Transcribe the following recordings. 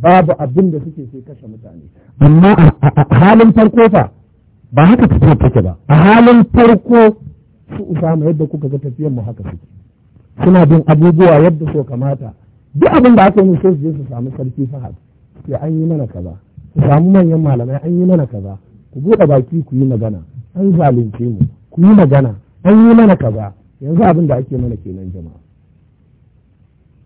babu abin da suke sai kashe mutane amma a halin farko fa ba haka tafiya take ba a halin farko su usama yadda kuka ga tafiyar mu haka suke suna bin abubuwa yadda so kamata duk abin da aka yi sai su je su samu sarki fahad sai an yi mana kaza su samu manyan malamai an yi mana kaza ku buɗe baki ku yi magana an zalunce mu ku yi magana an yi mana kaza yanzu abin da ake mana kenan jama'a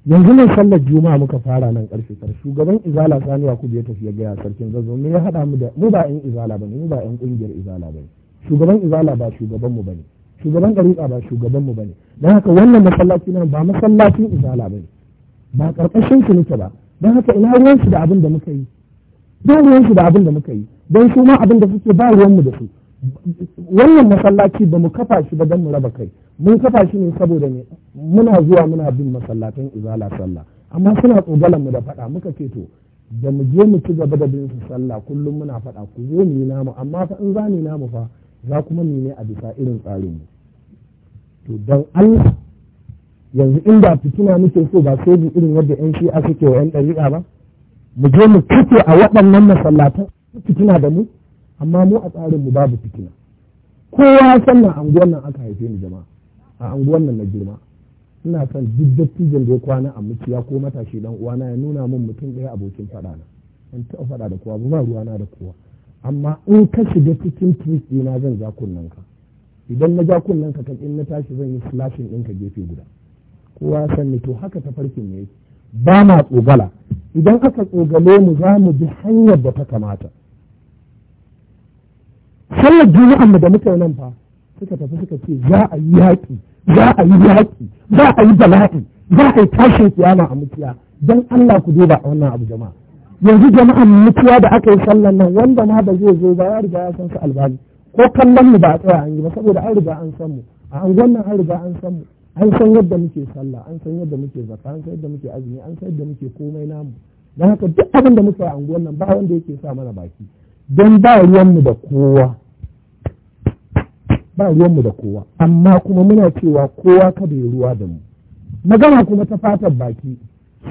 yanzu nan sallar juma'a muka fara nan karfe Kar shugaban izala sani yakubu ya tafi ya gaya sarkin zazzau me ya hada mu da mu ba yan izala bane mu ba yan kungiyar izala bane shugaban izala ba shugaban mu bane shugaban dariƙa ba shugaban mu bane dan haka wannan masallaci nan ba masallacin izala bane ba karkashin su nake ba dan haka ina ruwan su da abin da muka yi ba ruwan su da abin da muka yi dan su abin da suke ba ruwan mu da su wannan masallaci ba mu kafa shi ba don mu raba kai mun kafa shi ne saboda ne muna zuwa muna bin masallatan izala sallah amma suna tsogalan mu da faɗa muka ce to da mu je mu ci gaba da bin su sallah kullum muna faɗa ku zo mu yi namu amma fa in za mu namu fa za kuma mu ne a bisa irin tsarin mu to dan Allah yanzu inda fitina muke so ba sai irin yadda yan shi'a suke wa yan ɗariƙa ba mu je mu kace a waɗannan masallatan fitina da mu amma mu a tsarinmu babu fitina kowa san na anguwan nan aka haife ni jama'a a anguwan nan na girma ina son duk dattijan da ya kwana a muciya ko matashi dan uwana ya nuna min mutum ɗaya abokin faɗa na in taɓa faɗa da kowa ba ruwa na da kowa amma in ka shiga cikin twist ɗina zan ja kunnen ka idan na ja kunnen ka kan in na tashi zan yi slashing ɗin ka gefe guda kowa san ni to haka tafarkin ne ba ma tsogala idan aka tsogale mu za mu bi hanyar da ta kamata sallar juma'an mu da muka yi nan fa suka tafi suka ce za a yi yaƙi za a yi yaƙi za a yi bala'i za a yi tashin kiyama a mutuwa don Allah ku duba a wannan abu jama'a yanzu jama'an mutuwa da aka yi sallar nan wanda ma ba zai zo ba ya riga ya san su albani ko kallon mu ba a tsaya an yi ba saboda an riga an san mu a angon nan an riga an san mu an san yadda muke sallah an san yadda muke zakka an san yadda muke azumi an san yadda muke komai namu don haka duk abin da muka yi a anguwan nan ba wanda yake sa mana baki don ba ruwan mu da kowa ba ruwanmu da kowa amma kuma muna cewa kowa kada ya ruwa da mu magana kuma ta fatan baki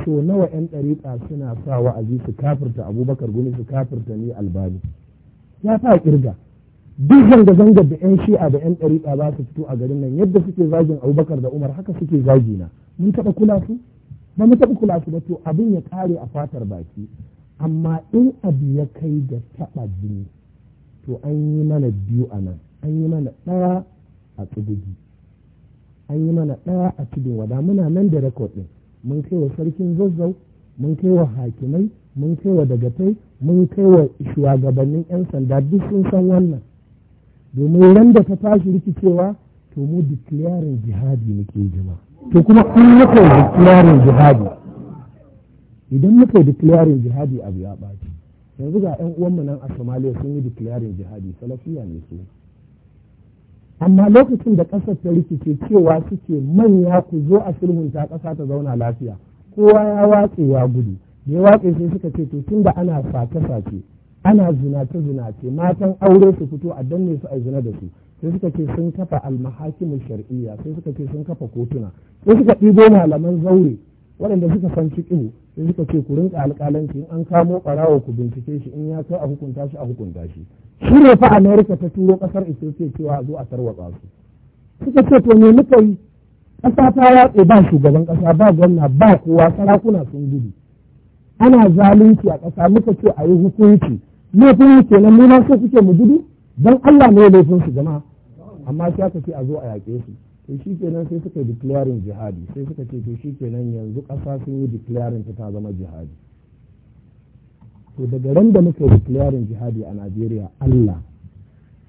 so nawa yan ɗariƙa suna sa wa'azi su kafirta abubakar gumi su kafirta ni albani ya sa kirga duk zanga-zangar da yan shi'a da yan ɗariƙa za su fito a garin nan yadda suke zagin abubakar da umar haka suke zagi na. mun taɓa kula su ba mu taɓa kula su ba to abin ya ƙare a fatar baki amma in abu ya kai da taɓa jini to an yi mana biyu a nan an yi mana ɗaya a tsibiri an yi mana ɗaya a tudun wada muna nan da rekod mun kai wa sarkin zazzau mun kai wa hakimai mun kai wa dagatai mun kai wa shugabannin 'yan sanda duk sun san wannan domin ran da ta tashi rikicewa to mu declaring jihadi muke jima to kuma an muka declaring jihadi idan muka declaring jihadi abu ya ɓaci yanzu ga 'yan uwanmu nan a somalia sun yi declaring jihadi salafiya ne su amma lokacin da ƙasar ta rikice cewa suke manya ku zo a sulhunta ƙasa ta zauna lafiya kowa ya watse ya gudu da ya watse sai suka ce to tunda ana sace-sace ana zinace-zinace matan aure su fito a danne su a zina da su sai suka ce sun kafa almahakimin shar'iyya sai suka ce sun kafa kotuna sai suka ɗibo malaman zaure waɗanda suka san fiƙihu sai suka ce ku rinka alƙalanci in an kamo ɓarawo ku bincike shi in ya kai a hukunta shi a hukunta shi shi ne fa amerika ta turo ƙasar ethiopia cewa a zo a tarwatsa su suka ce to me muka yi ƙasa ta yatse ba shugaban ƙasa ba gwamna ba kowa sarakuna sun gudu ana zalunci a ƙasa muka ce a yi hukunci laifin mu kenan mu ma so kuke mu gudu don allah ne laifin su jama'a amma sai aka ce a zo a yaƙe su to shi kenan sai suka declaring jihadi sai suka ce to shi kenan yanzu ƙasa sun yi declaring ta zama jihadi to daga ran da muka declaring jihadi a Najeriya Allah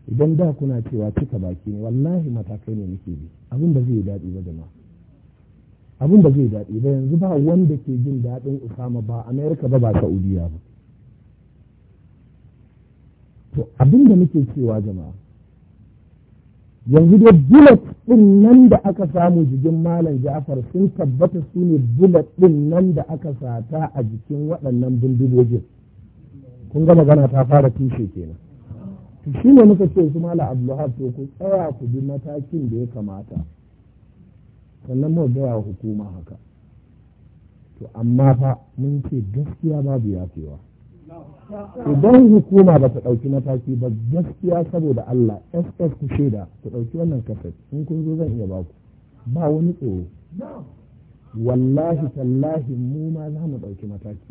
idan da kuna cewa cika baki ne wallahi matakai ne muke bi abin da zai daɗi ba jama'a abin da zai daɗi ba yanzu ba wanda ke jin daɗin Usama ba Amerika ba ba Saudiya ba to abin da muke cewa jama'a yanzu dai bullet ɗin nan da aka samu jikin malam ja'far sun tabbata su ne bullet ɗin nan da aka sata a jikin waɗannan bindigogin kun ga magana ta fara tushe kenan shi ne muka ce su malam abdullahi to ku tsaya ku bi matakin da ya kamata sannan mu gaya hukuma haka to amma fa mun ce gaskiya babu yafewa idan hukuma ba ta ɗauki mataki ba gaskiya saboda Allah SS ku shaida ta ɗauki wannan kasar in kun zo zan iya baku ba wani tsoro wallahi tallahi mu ma za mu ɗauki mataki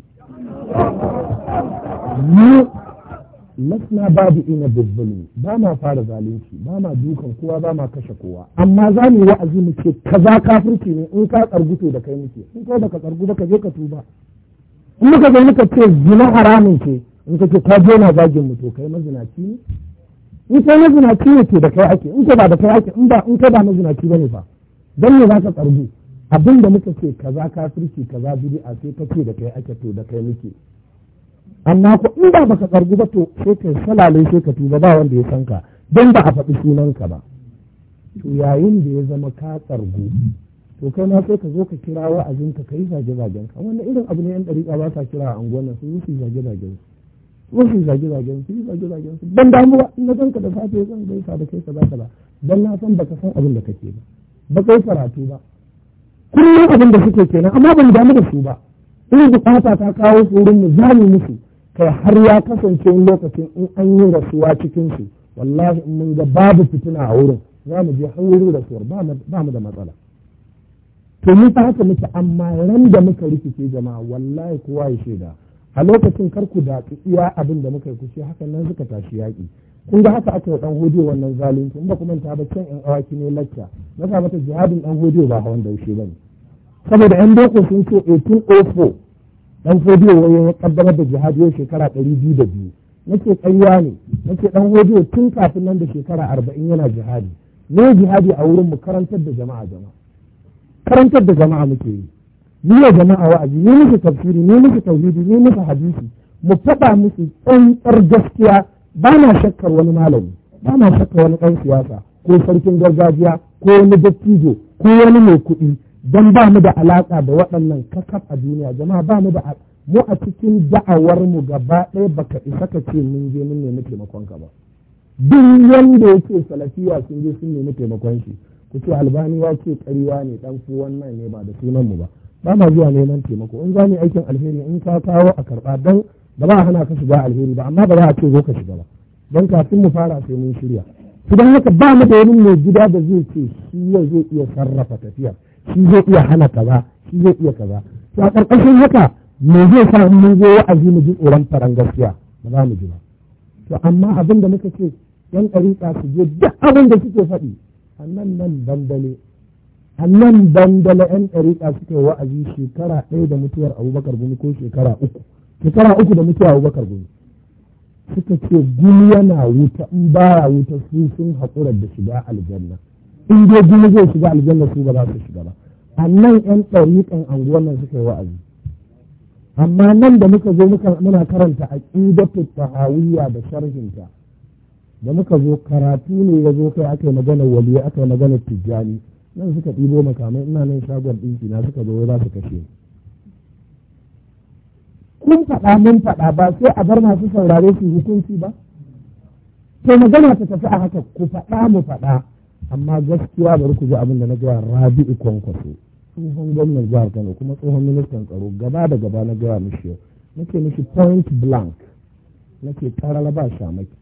mu lasna babu ina bibbali ba ma fara zalunci ba ma dukan kowa ba ma kashe kowa amma za mu wa'azi mu ce kaza kafirci ne in ka tsarguto da kai muke in kai baka tsargu ba ka je ka tuba in muka zai muka ce zina haramun ce in ka ce ta je na zagin mu to kai mazinaci ne in kai mazinaci ne ke da kai ake in ka ba da kai ake in ba in kai ba mazinaci bane ba dan ne zaka tsargu abin da muka ce kaza kafirci kaza bid'a sai ka ce da kai ake to da kai muke amma ko in ba baka tsargu ba to sai kai salale sai ka tuba ba wanda ya san ka dan ba a faɗi sunanka ba to yayin da ya zama ka tsargu to kai ma sai ka zo ka kira wa wa'azin ka kai zage zagen ka wannan irin abu ne yan dariƙa ba sa kira a unguwan su su zage zagen su su zage zagen su zage zagen su ban damuwa in na ganka da safe zan gaisa da kai ka ka ba dan na san baka san abin da kake ba ba kai karatu ba kullum abin da suke kenan amma ban damu da su ba in bukata ta kawo su wurin mu zamu musu kai har ya kasance lokacin in an yi rasuwa cikin su wallahi in mun ga babu fitina a wurin za mu je har wurin rasuwar ba mu da matsala to mu fa haka muke amma ran da muka rikice jama'a wallahi kowa ya shaida a lokacin kar ku da tsiya abin da muka yi kushe haka nan suka tashi yaƙi kun ga haka aka dan hodi wannan zalunci in ba ku manta ba can yan awaki ne lacca na sa mata jihadin dan hodiyo ba hawan daushe bane saboda yan boko sun ce 1804 dan hodiyo wai ya kaddamar da jihadi yau shekara 202 nake tsayuwa ne nake ɗan hodi tun kafin nan da shekara arba'in yana jihadi ne jihadi a wurin mu karantar da jama'a jama'a karantar da jama'a muke yi ni wa jama'a wa'azi ni musu tafsiri ni musu tauhidi ni musu hadisi mu faɗa musu tsantsar gaskiya ba na shakkar wani malami ba na shakkar wani ɗan siyasa ko sarkin gargajiya ko wani dattijo ko wani mai kuɗi don ba mu da alaƙa da waɗannan kakaf a duniya jama'a ba mu da mu a cikin da'awar mu gaba ɗaya baka isa ka ce mun je mun nemi taimakon ka ba duk wanda yake salafiya sun je sun nemi taimakon shi ku ce albani ce ƙarya ne dan ku wannan ne ba da sunan mu ba ba ma zuwa neman taimako in za mu aikin alheri in ka kawo a karɓa dan ba za a hana ka shiga alheri ba amma ba za a ce zo ka shiga ba dan kafin mu fara sai mun shirya su don haka ba mu da wani mai gida da zai ce shi ya zai iya sarrafa tafiya shi zai iya hana kaza shi zai iya kaza to a ƙarƙashin haka me zai sa mu zo wa'azi mu ji tsoron faran gaskiya ba za mu ji ba to amma abin da muka ce yan ɗariƙa su je duk abin da suke faɗi a nan dandale a dandale yan ɗariƙa suke wa'azi shekara ɗaya da mutuwar abubakar gumi ko shekara uku shekara uku da mutuwar abubakar gumi suka ce gumi yana wuta in ya wuta su sun haƙura da shiga aljanna in dai gumi zai shiga aljanna su ba za su shiga ba a nan yan ɗariƙan anguwan nan suka yi wa'azi amma nan da muka zo muna karanta aqidatu tahawiyya da sharhinta da muka zo karatu ne ya zo kai aka yi maganar waliya aka yi maganar tijjani nan suka ɗibo makamai ina nan shagon ɗinki na suka zo za su kashe kun faɗa mun faɗa ba sai a bar masu saurare su hukunci ba to magana ta tafi a haka ku faɗa mu faɗa amma gaskiya bari ku ji abin da na gaya rabi'u kwankwaso tsohon gwamnan jihar kano kuma tsohon ministan tsaro gaba da gaba na gaya mishi yau nake mishi point blank nake karara ba shamaki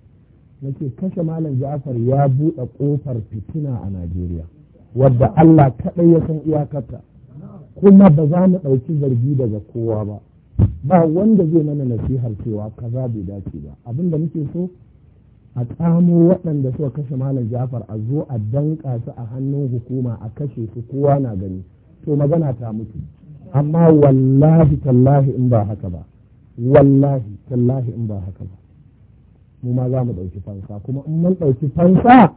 na ce kashe malam ja'far ya buɗe ƙofar fitina a najeriya wadda allah kaɗai ya san iyakarta kuma ba za mu ɗauki zargi daga kowa ba ba wanda zai mana nasihar cewa kaza bai dace ba abin da muke so a tsamo waɗanda suka kashe malam ja'far a zo a danƙa su a hannun hukuma a kashe su kowa na gani to magana ta mutu amma wallahi tallahi in ba haka ba wallahi tallahi in ba haka ba mu ma za mu ɗauki fansa kuma in mun ɗauki fansa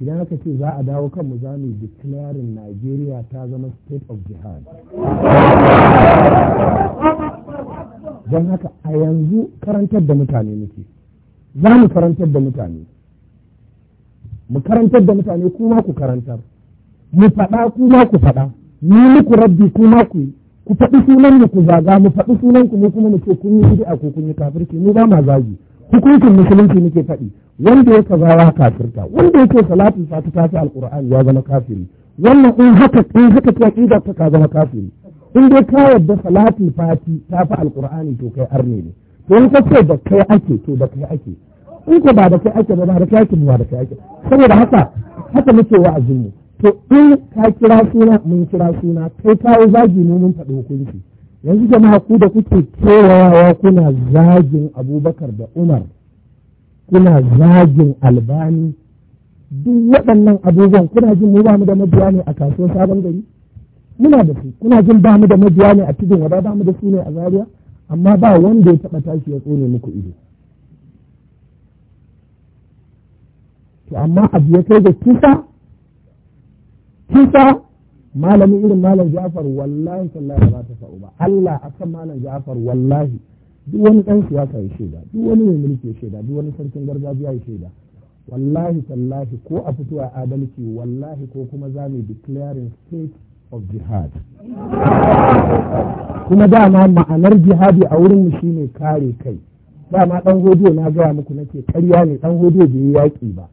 idan aka ce za a dawo kanmu za mu yi declaring Najeriya ta zama state of jihad don haka a yanzu karantar da mutane muke za mu karantar da mutane mu karantar da mutane kuma ku karantar mu faɗa kuma ku faɗa ni muku rabbi kuma ku yi ku faɗi sunan mu ku zaga mu faɗi sunan ku mu kuma mu ce kun yi bid'a ko kun yi kafirci mu ba ma zagi hukuncin musulunci nake faɗi wanda ya kaza ya kafirta wanda ya ce salatin fati ta fi alqur'ani ya zama kafiri wannan in haka in haka ta kida ta ka zama kafiri in dai ka yarda salatin fati ta fi alqur'ani to kai arne ne to in ka ce da kai ake to da kai ake in ko ba da kai ake ba da kai ake ba da kai ake saboda haka haka muke wa azumi to in ka kira suna mun kira suna kai kawo zagi ne mun faɗi hukunci yanzu jama'a ku da kuke kewayawa kuna zagin abubakar da umar kuna zagin albani duk waɗannan abubuwan kuna jin mu ba mu da mabiya ne a kasuwar sabon gari muna da su kuna jin ba mu da mabiya ne a tudun wada ba mu da su ne a zaria amma ba wanda ya taɓa tashi ya tsone muku ido to amma abu ya kai da kisa kisa malamin irin malam Ja'far wallahi sallahi ba ta sa'u ba Allah akan malam Ja'far wallahi duk wani ɗan siyasa ya shaida duk wani mai mulki ya shaida duk wani sarkin gargajiya ya shaida wallahi sallahi ko a fito a adalci wallahi ko kuma za mu declaring state of jihad kuma dama ma'anar jihadi a wurin mu shine kare kai dama dan hodo na gaya muku nake karya ne dan hodo bai yaƙi ba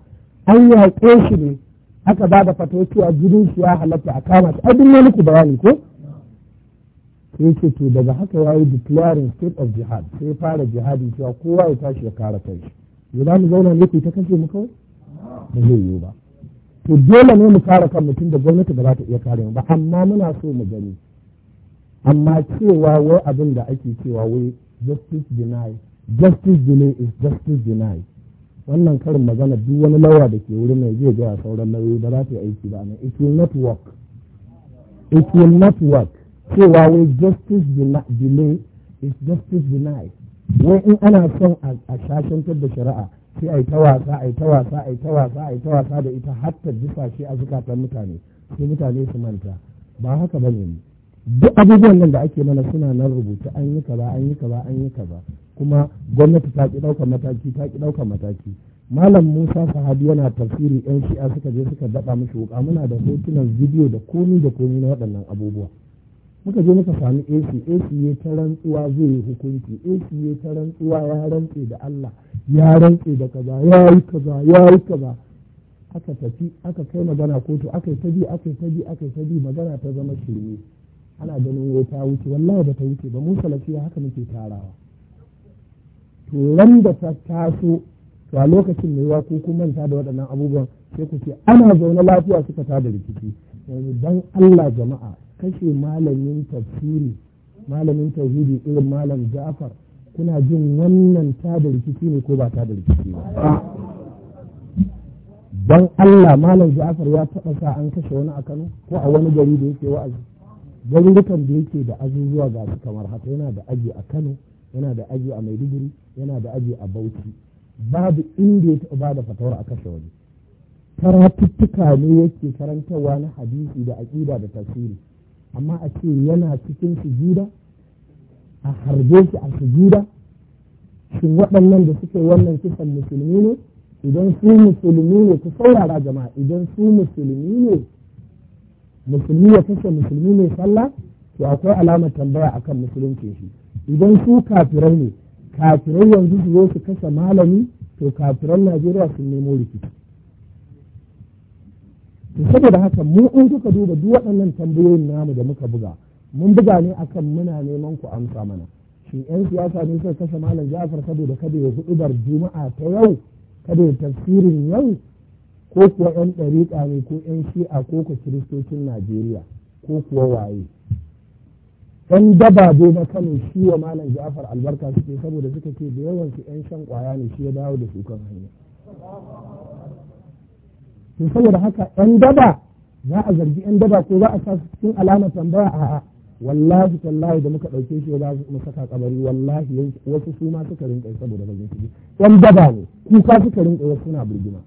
an yaƙe shi ne aka ba da fato cewa jinin shi ya halatta a kama shi abin ne muku bayani ko sai ce to daga haka ya yi declaring state of jihad sai fara jihadi cewa kowa ya tashi ya kare kai ya za mu zauna ne ku ta kashe mu kawai ba zai yiwu ba to dole ne mu kara kan mutum da gwamnati ba za ta iya kare mu ba amma muna so mu gani amma cewa wai abin da ake cewa wai justice denied. justice delay is justice denied. wannan karin magana duk wani lawa da ke wurin mai zai gaya sauran lauyoyi ba za ta yi aiki ba nan it will not work it will not work cewa wai justice delay is justice denied wai in ana son a shashantar da shari'a sai a yi ta wasa a yi ta wasa a yi ta wasa a yi ta wasa da ita har ta jifa shi a zukatan mutane sai mutane su manta ba haka ba ne duk abubuwan nan da ake mana suna nan rubuta an yi kaza an yi kaza an yi kaza kuma gwamnati ta ki ɗaukar mataki ta ki ɗaukar mataki malam musa sahabi yana tafsiri yan shi'a suka je suka daɗa mishi wuka muna da hotunan bidiyo da komi da komi na waɗannan abubuwa muka je muka sami ac ac ya ta rantsuwa zai yi hukunci ac ya ta rantsuwa ya rantse da allah ya rantse da kaza ya yi kaza ya yi kaza aka tafi aka kai magana kotu aka yi ta aka yi ta bi aka yi magana ta zama shirme ana ganin wai ta wuce wallahi ba ta wuce ba mun salafiya haka muke tarawa ran da ta taso to a lokacin mai waku kun manta da waɗannan abubuwan sai ku ce ana zaune lafiya suka tada rikici yanzu dan Allah jama'a kashe malamin tafsiri malamin tauhidi irin malam Ja'far kuna jin wannan tada rikici ne ko ba tada rikici ba dan Allah malam Ja'far ya taɓa sa an kashe wani a Kano ko a wani gari da yake wa'azi garurukan da yake da azuzuwa ga su kamar haka yana da aji a Kano yana da aji a maiduguri yana da aji a bauchi babu inda ya taɓa bada fatawar a kashe wani karatuttuka ne yake karantarwa na hadisi da aƙida da tasiri amma a ce yana cikin sujuda a harbe shi a sujuda shin waɗannan da suke wannan kisan musulmi ne idan su musulmi ne ku saurara jama'a idan su musulmi ne musulmi ya kashe musulmi ne sallah to akwai alamar tambaya akan musulunci shi idan su kafirai ne kafirai yanzu su zo su kasa malami to kafiran najeriya sun nemo rikici to saboda haka mu in kuka duba duk waɗannan tambayoyin namu da muka buga mun buga ne akan muna neman ku amsa mana shi yan siyasa ne suka kasa malam jafar saboda kada ya huɗubar juma'a ta yau kada ya tafsirin yau ko kuwa yan ɗariƙa ne ko yan shi'a ko ku kiristocin najeriya ko kuwa waye yan dababe na kano shi wa malam ja'far albarka suke saboda suka ce da yawan su yan shan kwaya ne shi ya dawo da su kan hanya to saboda haka yan daba za a zargi yan daba ko za a sa cikin alama tambaya a wallahi tallahi da muka ɗauke shi za mu saka kabari wallahi wasu su ma suka rinka saboda bakin ciki ɗan daba ne kuka suka rinka wasu suna birgima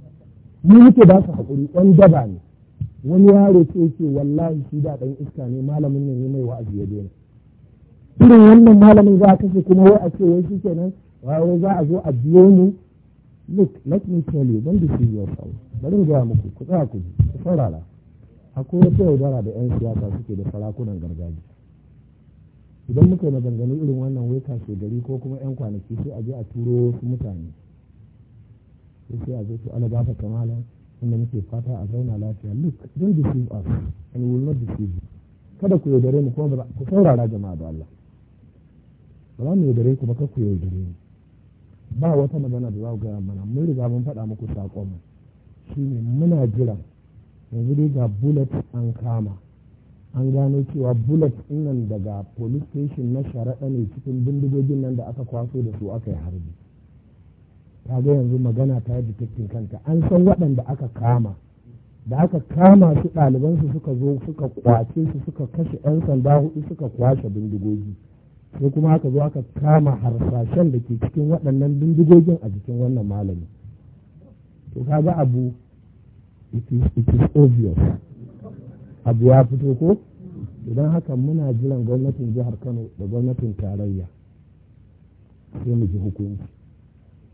mu muke ba su haƙuri ɗan daba ne wani yaro ce ce wallahi shi da ɗan iska ne malamin ne mai wa'azi ya daina irin wannan malamin za a kashe kuma wai a ce wai shi kenan wai za a zo a biyo ni look let me tell you don't be your fault bari ga muku ku tsaya ku ku saurara akwai wata yaudara da yan siyasa suke da sarakunan gargajiya idan muka yi maganganu irin wannan wai kashe gari ko kuma yan kwanaki sai a je a turo wasu mutane sai a zo su ala gafa kamala inda muke fata a zauna lafiya look don't deceive us and we will not deceive you kada ku yaudare mu kuma ku saurara jama'a da Allah ba za mu yaudare ku ba ku yaudare mu ba wata magana da za ku gaya mana mun riga mun faɗa muku saƙon mu shine muna jira yanzu dai ga bullet an kama an gano cewa bullet nan daga police station na sharaɗa ne cikin bindigogin nan da aka kwaso da su aka yi harbi ta ga yanzu magana ta yi kanta an san waɗanda aka kama da aka kama su ɗalibansu suka zo suka kwace su suka kashe 'yan sanda hudu suka kwashe bindigogi sai kuma aka zo aka kama harsashen da ke cikin waɗannan bindigogin a jikin wannan malami to kaga abu it is, obvious abu ya fito ko idan haka muna jiran gwamnatin jihar kano da gwamnatin tarayya sai mu ji hukunci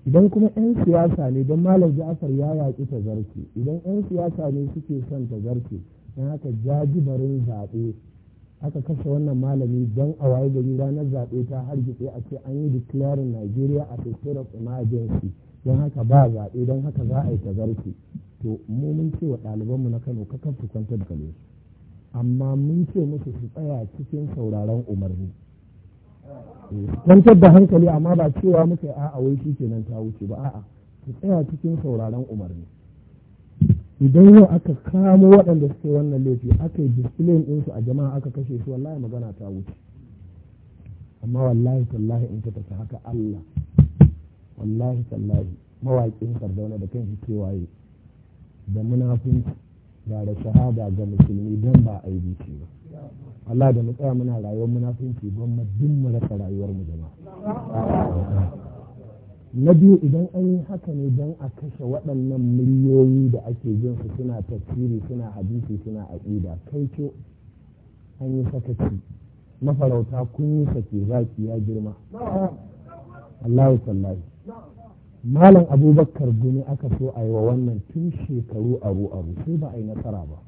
idan kuma 'yan siyasa ne don malam ja'afar ya yaƙi ta zarce idan 'yan siyasa ne suke son ta zarce don haka jajibarin zaɓe aka kashe wannan malami don a waye gari ranar zaɓe ta hargitse a ce an yi declaring Najeriya a state of emergency don haka ba zaɓe don haka za a yi ta tazarci to mu mun ce wa ɗalibanmu na Kano ka kan kwantar da amma mun ce musu su tsaya cikin sauraron umarni eh, kwantar da hankali amma ba cewa muka yi a'a wai shi kenan ta wuce ba a'a su tsaya cikin sauraron umarni idan yau aka kamo waɗanda suke wannan laifi aka yi displayin ɗinsu a jama'a aka kashe su wallahi magana ta wuce amma wallahi tallahi in ka tafi haka Allah wallahi tallahi mawaƙin sardauna da kan shi kewaye da munafunci ga da shahada ga musulmi don ba aibi ce ba Allah da mu tsaya muna rayuwar munafunci gwamnati duk mu rasa rayuwar mu jama'a na biyu idan an yi haka ne don a kashe waɗannan miliyoyi da ake jin su suna tafsiri suna hadisi suna aƙida kai ce an yi sakaci mafarauta kun yi sake zaki ya girma Allahu sallahi malam abubakar gumi aka so a yi wa wannan tun shekaru aru aru sai ba a yi nasara ba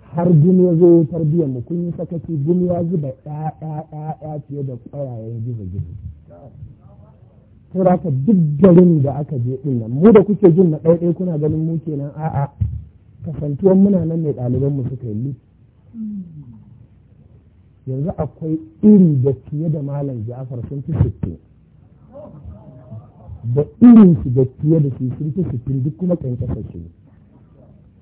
har gumi ya zo tarbiyyar mu kun yi sakaci gumi ya zuba ɗaya ɗaya ɗaya fiye da ƙwayayen gizo gizo saboda haka duk garin da aka je din nan mu da kuke jin na ɗaiɗai kuna ganin mu kenan a'a kasantuwan muna nan ne ɗaliban mu suka yi yanzu akwai iri da fiye da malam ja'afar sun fi sittin da irin su da fiye da su sun fi sittin duk kuma kankasa shi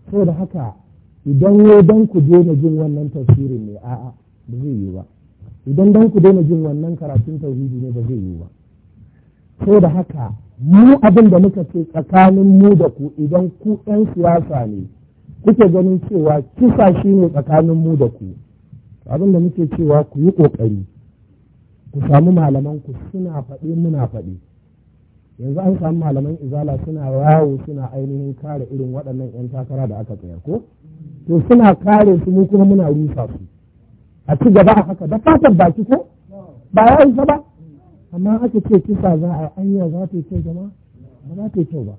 saboda haka idan wai dan ku daina jin wannan tasirin ne a'a ba zai yi ba idan dan ku daina jin wannan karatun tauhidi ne ba zai yi ba ko da haka mu abin da muka ce tsakanin mu da ku idan ku ɗan siyasa ne kuke ganin cewa kisa shi ne tsakanin mu da ku abin da muke cewa ku yi ƙoƙari ku samu malaman ku suna faɗi muna faɗi yanzu an samu malaman izala suna yawo suna ainihin kare irin waɗannan 'yan takara da aka tsaya ko to suna kare su mu kuma muna rusa su a ci gaba a haka da fatar baki ko ba ya isa ba amma aka ce kisa za a anya za ta yi kyau gama ba za ta yi kyau ba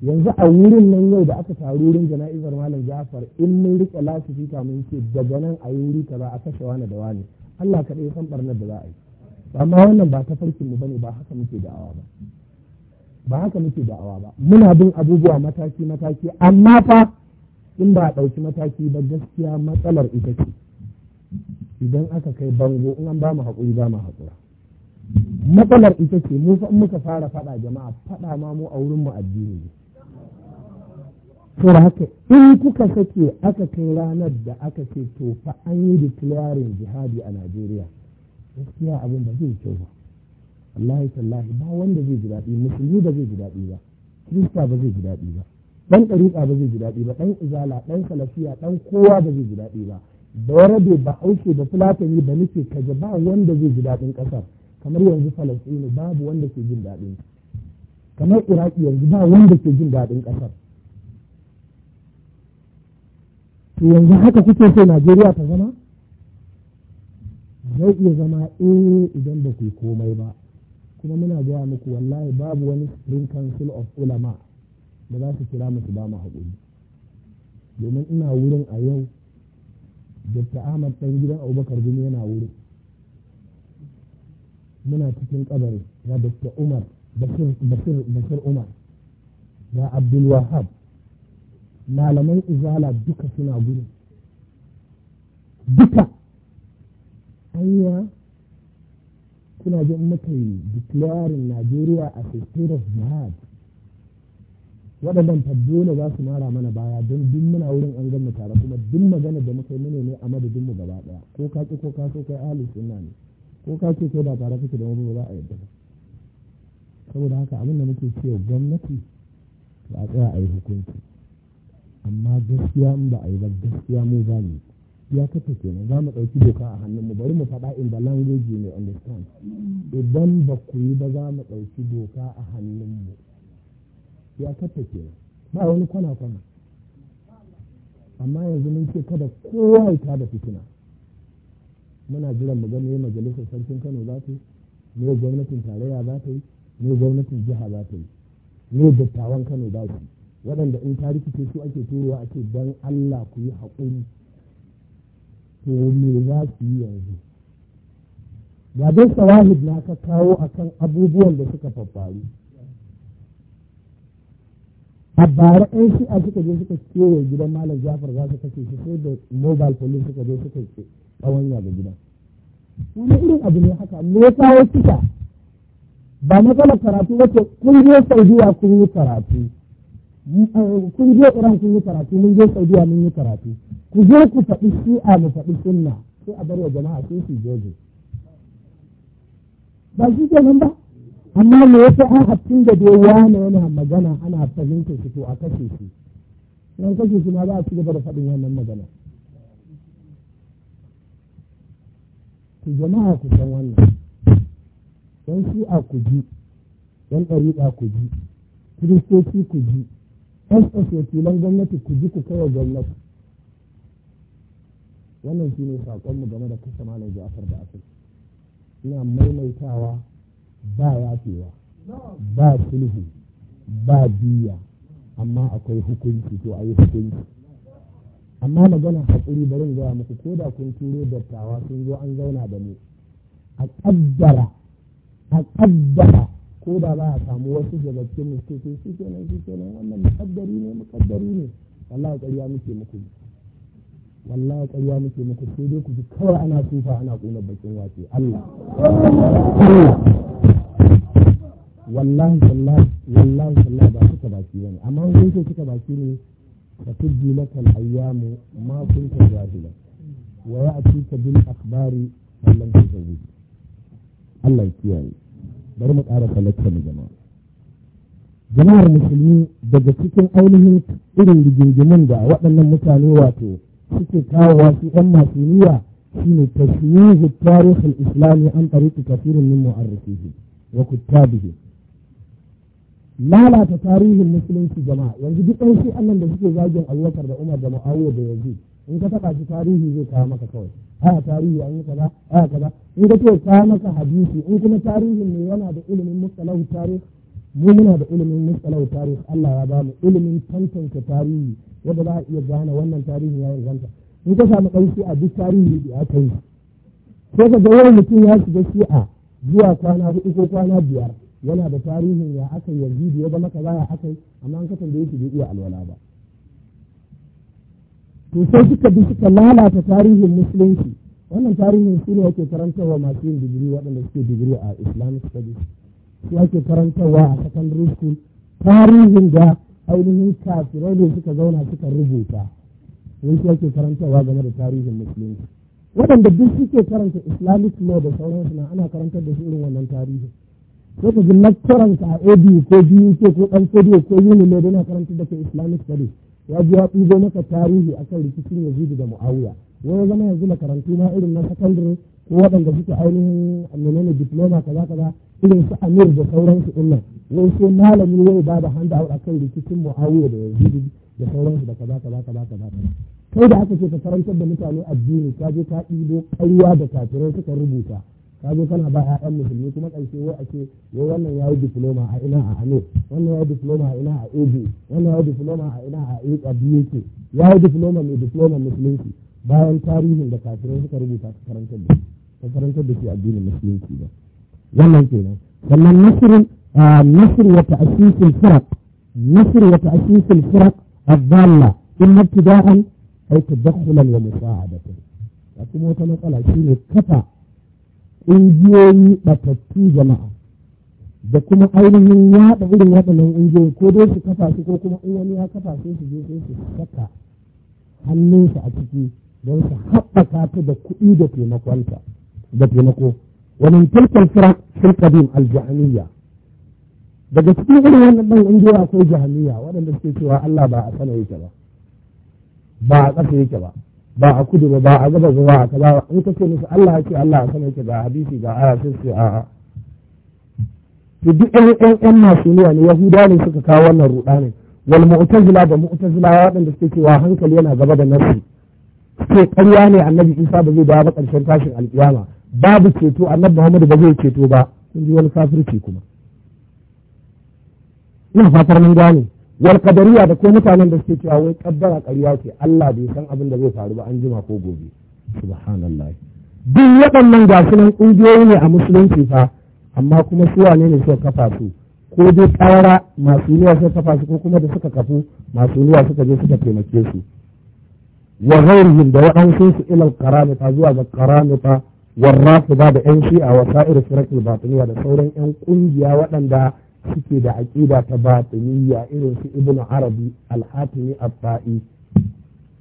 yanzu a wurin nan yau da aka taru wurin jana'izar malam jafar in mun rike lasifika mun ce daga nan a yi wuri kaza a kashe wani da wani Allah kaɗai ɗaya san barnar da za a yi amma wannan ba ta farkin mu bane ba haka muke da'awa ba ba haka muke da'awa ba muna bin abubuwa mataki mataki amma fa in ba a ɗauki mataki ba gaskiya matsalar ita ce idan aka kai bango in an ba mu haƙuri ba mu haƙura matsalar ita ce mu san muka fara faɗa jama'a faɗa ma mu a wurin mu addini ne to haka in kuka sake aka kai ranar da aka ce to fa an yi declaring jihadi a Najeriya gaskiya abin ba zai kyau ba wallahi tallahi ba wanda zai ji daɗi musulmi ba zai ji daɗi ba kirista ba zai ji daɗi ba ɗan ɗariƙa ba zai ji daɗi ba ɗan izala ɗan salafiya ɗan kowa ba zai ji daɗi ba da warabe ba aushe da fulatani da nufi kaje ba wanda zai ji daɗin ƙasar kamar yanzu falastinu babu wanda ke jin daɗin kamar iraki yanzu ba wanda ke jin daɗin ƙasar to yanzu haka kuke so najeriya ta zama zai iya zama eh idan ba ku yi komai ba kuma muna gaya muku wallahi babu wani spring council of ulama da za su kira musu ba mu haƙuri domin ina wurin a yau dr ahmad ɗan gidan abubakar gumi yana wurin muna cikin kabari ya Dr. Umar Bashir Umar ya Abdul Wahab malaman izala duka suna gudu duka hanya suna jin muka yi declaring Najeriya a state of jihad waɗannan dole za su mara mana baya don duk muna wurin an gan tare kuma duk magana da muka yi mu ne a madadin mu gaba ɗaya ko kaƙi ko kaso kai ahlus sunna ne ko ka ce ko da tare kake da wani ba za a yadda ba saboda haka abin da muke cewa gwamnati ba a tsaya a yi hukunci amma gaskiya in ba a yi ba gaskiya mu za mu ya kata kenan za mu ɗauki doka a hannunmu bari mu faɗa in da language ne understand idan ba ku yi ba za mu ɗauki doka a hannunmu ya kata kenan ba wani kwana-kwana amma yanzu mun ce kada kowa ya tada fitina muna jiran mu gani majalisar sarkin Kano za ta yi ne gwamnatin tarayya za ta yi ne gwamnatin jiha za ta yi me dattawan Kano za su waɗanda in ta rikice su ake turowa ake don Allah ku yi haƙuri to me za su yi yanzu ga dai sawahid na ka kawo akan abubuwan da suka faffaru a bara ɗan shi'a suka je suka kewaye gidan malam jafar za su kashe shi sai da mobile police suka je suka ƙawanya yaga gida wani irin abu ne haka me ya kawo kika ba na gama karatu ba ce kun je saudiya kun yi karatu kun je iran kun yi karatu mun je saudiya mun yi karatu ku je ku faɗi shi'a mu faɗi sunna sai a bar wa jama'a sun su je ba shi ke nan ba amma me ya an hattun da dai wani yana magana ana fahimta su to a kashe shi nan kashe shi ma za a ci gaba da faɗin wannan magana ku jama'a ku san wannan don shi'a ku ji don ɗariƙa ku ji kiristoci ku ji ss filan gwamnati ku ji ku kaiwa gwamnati wannan shi ne saƙonmu game da kasa malam jafar da asir ina maimaitawa ba yafewa ba sulhu ba biya amma akwai hukunci to a yi hukunci amma magana haƙuri bari gaya muku ko da kun turo dattawa sun zo an zauna da mu a ƙaddara a ƙaddara ko da ba a samu wasu daga cikin mutum shi kenan shi kenan wannan muƙaddari ne muƙaddari ne wallahi ƙarya muke muku wallahi ƙarya muke muku sai dai ku ji kawai ana tufa ana ƙunar bakin wace Allah wallahi wallahi wallahi ba suka baki bane amma wani suka baki ne فتبدي لك الأيام ما كنت جاهلا akbari بالأخبار من لم تزوج الله يكيان bari mu ƙara falakta mu jama'a jama'ar musulmi daga cikin ainihin irin rigingimin da waɗannan mutane wato suke kawowa su ‘yan masuniya shine tashwihu tarihul islami an tariki kafirin min mu'arrifihi wa kuttabihi lalata tarihin musulunci jama'a yanzu duk ɗan shi annan da suke zagin abubakar da umar da mu'awiya da yanzu in ka taɓa shi tarihi zai kawo maka kawai a tarihi an yi kaza a kaza in ka ce kawo maka hadisi in kuma tarihin ne yana da ilimin musalahu tarih mu muna da ilimin musalahu tarih Allah ya ba mu ilimin tantance tarihi wanda za a iya gane wannan tarihin ya inganta in ka samu ɗan a duk tarihi da aka yi sai ka ga wani mutum ya shiga shi'a zuwa kwana hudu ko kwana biyar yana da tarihin ya aka yanzu ya zama kaza ya aka amma an kasan da yake bai iya alwala ba to sai suka bi suka lalata tarihin musulunci wannan tarihin su ne ake karantarwa masu yin digiri waɗanda suke digiri a islamic studies su ake karantarwa a secondary school tarihin da ainihin kafirai ne suka zauna suka rubuta wani su ake karantarwa game da tarihin musulunci waɗanda duk suke karanta islamic law da sauransu na ana karantar da su irin wannan tarihin sai ka ji ka a OB ko BUK ko ɗan Kodiyo ko Yuni ne na karanta da ke Islamic Studies ya ji ya ɗigo maka tarihi akan rikicin Yazidi da Muawiya wani zama yanzu makarantu na irin na secondary ko waɗanda suke ainihin menene diploma kaza kaza irin su Amir da sauransu din nan wai sai malami wai ba da handa a kan rikicin Muawiya da Yazidi da sauransu da kaza kaza kaza kaza kai da aka ce ka karantar da mutane addini ka je ka ɗibo ƙarya da kafirai suka rubuta ka zo kana ba ƴaƴan musulmi kuma ƙarshe wai ake wai wannan ya yi diploma a ina a ano wannan ya yi diploma a ina a eji wannan ya yi diploma a ina a a biyu ke ya yi diploma mai diploma musulunci bayan tarihin da kafirai suka rubuta su karantar da su karantar da su addinin musulunci ba wannan kenan sannan nasirin nasir wa ta'assisul firaq nasir wa ta'assisul firaq adalla in ibtida'an ay tadakhulan wa musa'adatan kuma wata matsala shine kafa ƙungiyoyi ɓatattu jama'a da kuma ainihin yaɗa irin waɗannan ƙungiyoyi ko dai su kafa su ko kuma in wani ya kafa su su je sai su saka hannunsa a ciki don su haɓaka ta da kuɗi da taimakonta da taimako wani tilkal firak filkadim aljahaniya daga cikin irin wannan ɗan ƙungiyoyi akwai jahaniya waɗanda suke cewa Allah ba a sana yake ba ba a ƙasa yake ba ba a kudu ba ba a gaba ba a kaza in kace musu Allah ce Allah a sama yake ga hadisi ga aya sai su a'a to duk ɗan ɗan ɗan masu ne ne yahuda ne suka kawo wannan rudanin wal mu'tazila da mu'tazila waɗanda suke cewa hankali yana gaba da nafsi suke ƙarya ne annabi Isa ba zai dawo ba ƙarshen tashin alƙiyama babu ceto annabi Muhammadu ba zai ceto ba kun ji wani kafirci kuma ina fatar mun gane wal kadariya da ko mutanen da suke cewa wai kaddara ƙarya ce Allah bai san abin da zai faru ba an jima ko gobe subhanallah duk waɗannan gasu nan ƙungiyoyi ne a musulunci fa amma kuma su wane ne suka kafa su ko dai tsara masu yiwuwa suka kafa su ko kuma da suka kafu masu yiwuwa suka je suka taimake su wa ghairihim da waɗansu su ilal karamita zuwa ga karamita warrafu ba da yan shi'a wa sa'ir firakil batiniya da sauran yan ƙungiya waɗanda suke da aƙida ta batiniya irin su ibnu arabi al-hatimi al-ta'i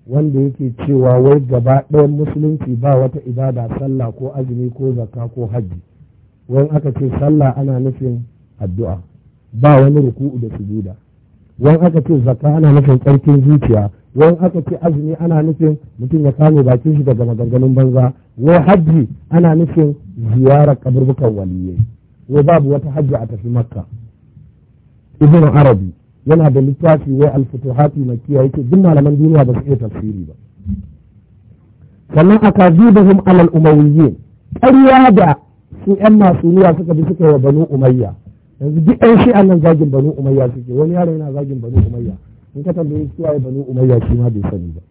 wanda yake cewa wai gaba ɗayan musulunci ba wata ibada sallah ko azumi ko zakka ko hajji wani aka ce sallah ana nufin addu'a ba wani ruku'u da sujuda wani aka ce zakka ana nufin ƙarfin zuciya wani aka ce azumi ana nufin mutum ya kame bakin shi daga maganganun banza wai hajji ana nufin ziyarar kaburbukan waliyyai wai babu wata hajji a tafi makka ibn arabi yana da littafi wai al-futuhati makkiya yake duk malaman duniya ba su iya tafsiri ba sannan akazibuhum alal umawiyyin ƙarya da su ƴan masuniya suka bi suka wa banu umayya yanzu duk ɗan shi annan zagin banu umayya suke wani yaro yana zagin banu umayya in ka tambaye su waye banu umayya shi ma bai sani ba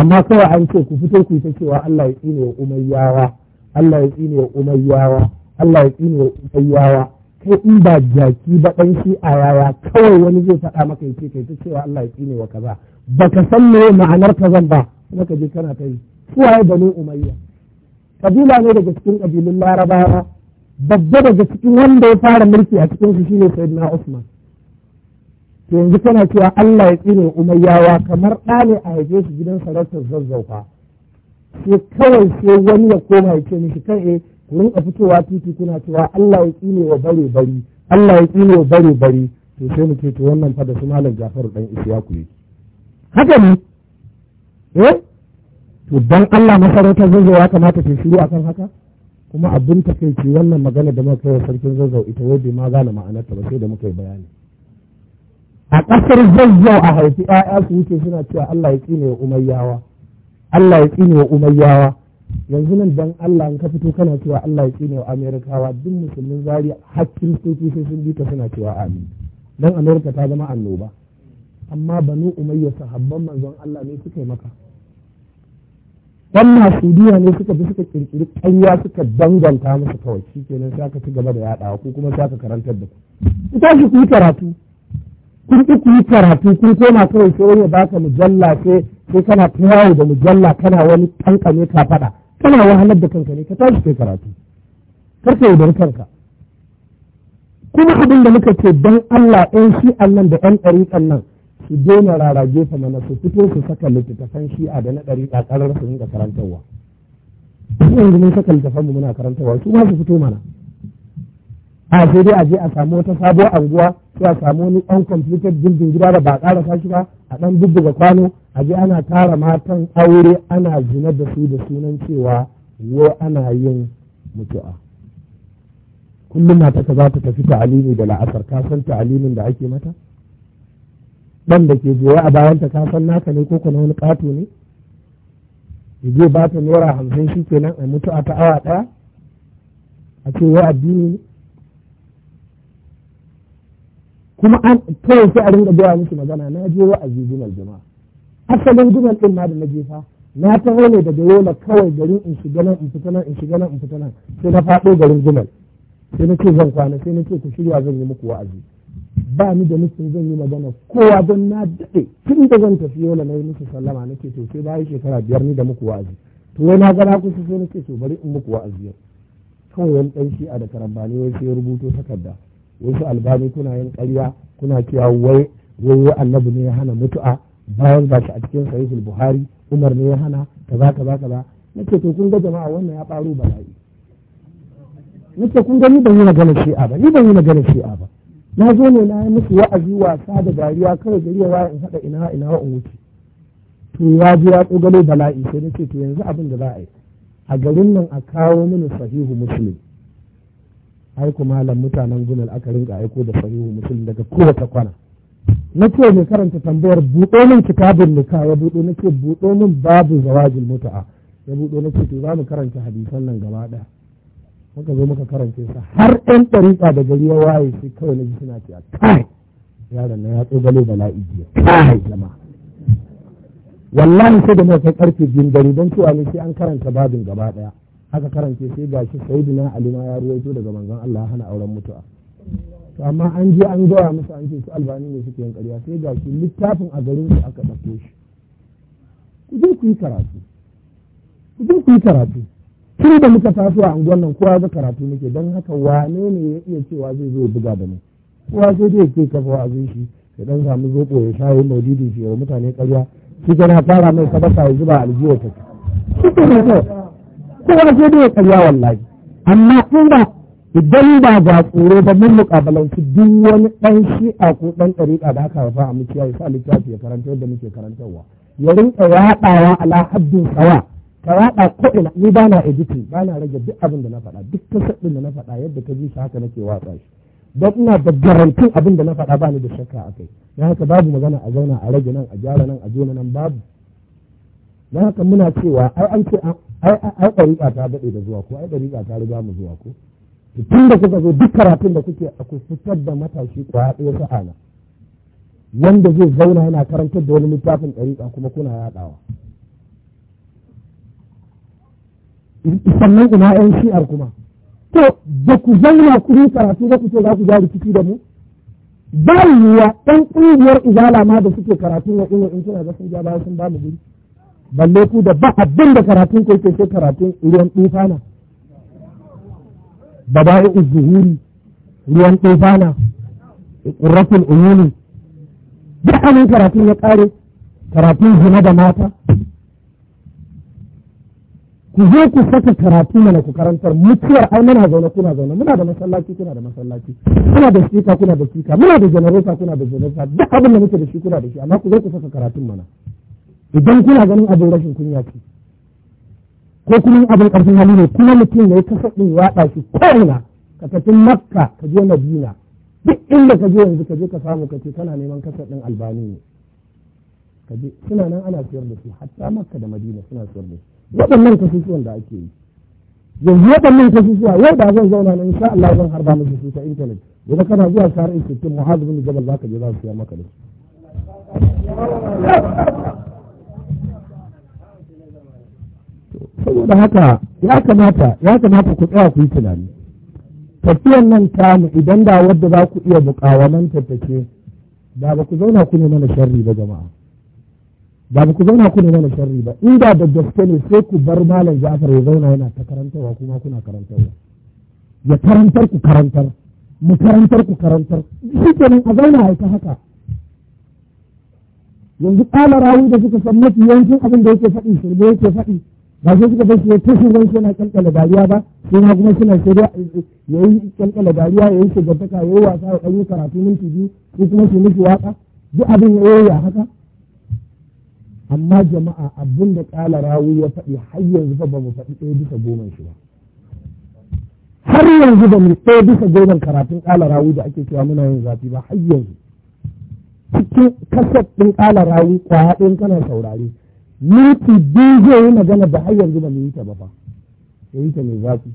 amma kawai an ce ku fito ku ta cewa Allah ya tsine wa umayyawa Allah ya tsine wa umayyawa Allah ya tsine wa umayyawa ko in ba jaki ba dan shi a yaya kawai wani zai faɗa maka yace kai ta cewa Allah ya tsine wa kaza baka san me ma'anar kazan ba kuma ka je kana kai suwaye banu umayya kabila ne daga cikin kabilun larabawa babba daga cikin wanda ya fara mulki a cikin su shine sayyidina usman to yanzu kana cewa Allah ya tsine umayyawa kamar ɗa ne a haife shi gidan sarautar zazzaufa sai kawai sai wani ya koma ya ce mishi kan eh ku rinka fitowa titi kuna cewa Allah ya tsine wa bare bari Allah ya tsine wa bare bari to sai mu ce wannan fa da su malam Jafaru dan Isiyaku ne haka ne eh to dan Allah masarautar zazzawa kamata ta shiru akan haka kuma abin ta takaici wannan magana da muka kai sarkin zazzau ita wai bai ma gane ta ba sai da muka yi bayani a ƙasar zazzau a haifi 'ya'ya su wuce suna cewa Allah ya tsine wa umayyawa Allah ya tsine wa umayyawa yanzu nan dan Allah in ka fito kana cewa Allah ya kine wa Amerikawa duk musulmin zari hakkin soki sai sun bi suna cewa amin dan Amerika ta zama annoba amma banu umayya sahabban manzon Allah ne suka yi maka wannan masudiya ne suka fi suka kirkiri kanya suka danganta musu kawai shi nan sai aka ci gaba da yadawa ko kuma sai aka karantar da ku ku tashi ku yi karatu kun ki ku karatu kun koma kawai sai wani baka mujalla sai sai kana ta yawo da mujalla kana wani kankame ka faɗa kana wahalar da kanka ne ka tashi kai karatu kar ka yaudar kanka kuma abin da muka ce don Allah ɗan shi nan da ɗan ɗari nan su na rarage sa na su fito su saka littattafan a da na a ƙarar su dinga karantarwa yanzu mun saka littattafan mu muna karantarwa su ma su fito mana a sai dai a je a samu wata sabuwar anguwa sai a samu wani ɗan kwamfutar jirgin gida da ba a ƙara shi ba a ɗan bubbuga kwano a ji ana tara matan aure ana zina da su da sunan cewa wo ana yin mutu'a kullum mata ka za ta tafi ta'alimi da la'asar ka san ta'alimin da ake mata ɗan da ke zuwa a bayanta ka san naka ne ko na wani ƙato ne zai ba ta nora hamsin shi kenan a mutu'a ta awa ɗaya a ce wa addini kuma an kawai sai a ringa gaya musu magana na je wa'azi gumal jama'a asalin gumal din na da na jefa na ta ne daga yola kawai garin in shiga nan in fita nan in shiga nan in fita nan sai na faɗo garin gumal sai na ce zan kwana sai na ce ku shirya zan yi muku wa'azi ba ni da nufin zan yi magana kowa don na daɗe tun da zan tafi yola na yi musu sallama na ce to sai bayan shekara biyar ni da muku wa'azi to wai na gana kusa sai na ce to bari in muku wa'azi yau kawai wani ɗan shi'a da karambani wai sai rubuto takarda wasu albani kuna yin ƙarya kuna cewa wai wai annabi ne ya hana mutu'a bayan shi a cikin sahihul buhari umar ne ya hana ka kaza ka ba nace to kun ga jama'a wannan ya ɓaro bala'i ce kun ga ni ban yi magana shi'a ba ni ban yi magana shi'a ba na zo ne na yi musu wa'azi wasa da dariya kawai gari ya in haɗa ina ina in wuce to ya ji ya tsogalo bala'i sai na ce to yanzu abin da za a yi a garin nan a kawo mini sahihu muslim har kuma mutanen gunal aka rinka aiko da sahihu musulun daga kowace kwana na ce mai karanta tambayar buɗo min kitabun nika ya buɗo na ce buɗo min babu zawajin mutu'a ya buɗo na ce to za mu karanta hadisan nan gaba ɗaya muka zo muka karanta sa har ɗan ɗariƙa da gari ya waye shi kawai na ji suna cewa kai yaron na ya tsogalo bala'i jiya kai jama'a wallahi sai da muka kai karfe biyu dare don cewa ne sai an karanta babin gaba ɗaya aka karance sai gashi sai ali ma ya ruwaito daga manzon Allah hana auren mutu'a to amma an je an gaya musu an ce su albani ne suke yin ƙarya sai gashi littafin a garin su aka ɗauko shi ku je ku yi karatu ku je ku yi karatu tun da muka taso a unguwar nan kowa ga karatu muke don haka wane ne ya iya cewa zai zo buga da mu kowa sai dai ke kafa zai shi ya dan samu zobo ya shayi maudidi shi wa mutane karya shi na fara mai sabaka ya zuba aljiwa ta shi kowa zai da ya karya wallahi amma kuma idan ba ga tsoro ba mun mukabalanci duk wani ɗan shi'a ko ɗan ɗariƙa da aka haifa a mukiya ya sa littafi ya karanta yadda muke karantarwa ya rinka yaɗawa ala haddin sawa ka yada ko ina ni ba na editing ba na rage duk abin da na faɗa duk ta sabbin da na faɗa yadda ka ji shi haka nake watsa shi don ina da garantin abin da na faɗa ba ni da shakka a kai na haka babu magana a zauna a rage nan a gyara nan a jona nan babu na haka muna cewa ai an ce ai ɗariƙa ta daɗe da zuwa ko ai ɗariƙa ta riga mu zuwa ko tun da kuka zo duk karatun da kuke ku fitar da matashi ko kwaya ɗaya sa'ana wanda zai zauna yana karantar da wani littafin ɗariƙa kuma kuna yaɗawa sannan ina yan shi'ar kuma to da ku zauna ku yi karatu za ku ce za ku ja rikici da mu ba yiwuwa ɗan ƙungiyar izala ma da suke karatu ina in kuna ga sun ja baya sun ba mu guri balle ku da ba abin da karatun ku yake ce karatun ruwan tufana babai uzuhuri ruwan tufana qurratul uyuni duk anan karatun ya ƙare. karatun zina da mata ku zo ku saka karatu mana ku karantar mutuwar ai muna zaune kuna zaune muna da masallaci kuna da masallaci Kuna da shika kuna da shika muna da janarota kuna da janarota duk abin da muke da shi kuna da shi amma ku zo ku saka karatun mana idan kuna ganin abin rashin kunya ce ko kuma abin ƙarfin hali ne kuma mutum ne ta faɗin waɗa shi ko'ina ka tafi makka ka je madina duk inda ka je yanzu ka je ka samu ka ce kana neman kasa ɗin albani ne ka je suna nan ana siyar da su hatta makka da madina suna siyar da su waɗannan kasusuwan da ake yi yanzu waɗannan kasusuwa yau da zan zauna nan insha Allah zan harba musu su ta intanet gobe kana zuwa sa'ar institute muhazu bin jabal zaka je za su siya maka da su saboda haka ya kamata ya kamata ku tsaya ku yi tunani tafiyan nan tamu idan da wadda za ku iya nan tattace da ba ku zauna ku ne mana sharri ba jama'a da ba ku zauna ku ne mana sharri ba inda da gaske ne sai ku bar malam Ja'far ya zauna yana ta karantarwa kuma kuna karantarwa ya karantar ku karantar mu karantar ku karantar shi kenan a zauna a ta haka yanzu ƙala rawu da suka san mafi yankin abin da yake faɗi shirme yake faɗi ba sai suka fashe ya tashi ran shi yana dariya ba sai ma kuma suna shirya eh, eh, ya yi kankala dariya ya yi shigantaka ya yi wasa ya ɗanyi karatu minti biyu ko kuma su miki waka duk abin ya yi haka amma jama'a abin da ƙala rawu ya faɗi har yanzu fa ba mu faɗi ɗaya bisa goma shi ba har yanzu ba mu ɗaya bisa goma karatun ƙala rawu da ake cewa muna yin zafi ba har yanzu cikin kasaf ɗin ƙala rawu kwaya ɗin kana saurare minti biyu zai yi magana ba har yanzu ba mu yi ta ba Ba ya yi ta mai zafi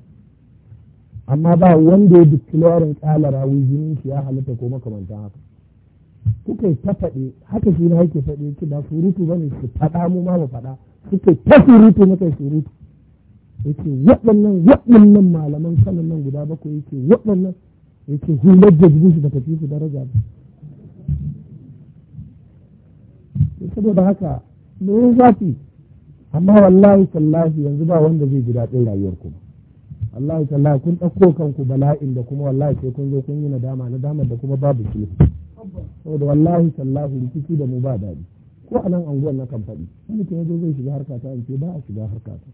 amma ba wanda ya declaring kala rawi jinin shi ya halitta ko makamanta haka kuka yi ta faɗe haka shi na yake faɗe ki da surutu ba ne su faɗa mu ma mu faɗa suka ta surutu muka yi surutu yake waɗannan waɗannan malaman sanin nan guda bakwai yake waɗannan yake hular da jikin shi ba tafi su daraja ba saboda haka me zafi amma wallahi tallahi yanzu ba wanda zai ji daɗin rayuwar ku wallahi tallahi kun ɗauko kanku bala'in da kuma wallahi sai kun zo kun yi nadama nadamar da kuma babu shi saboda wallahi tallahi rikici da mu ba daɗi ko a nan anguwan na kan faɗi wani kuma zo zai shiga harka ta ce ba a shiga harka ta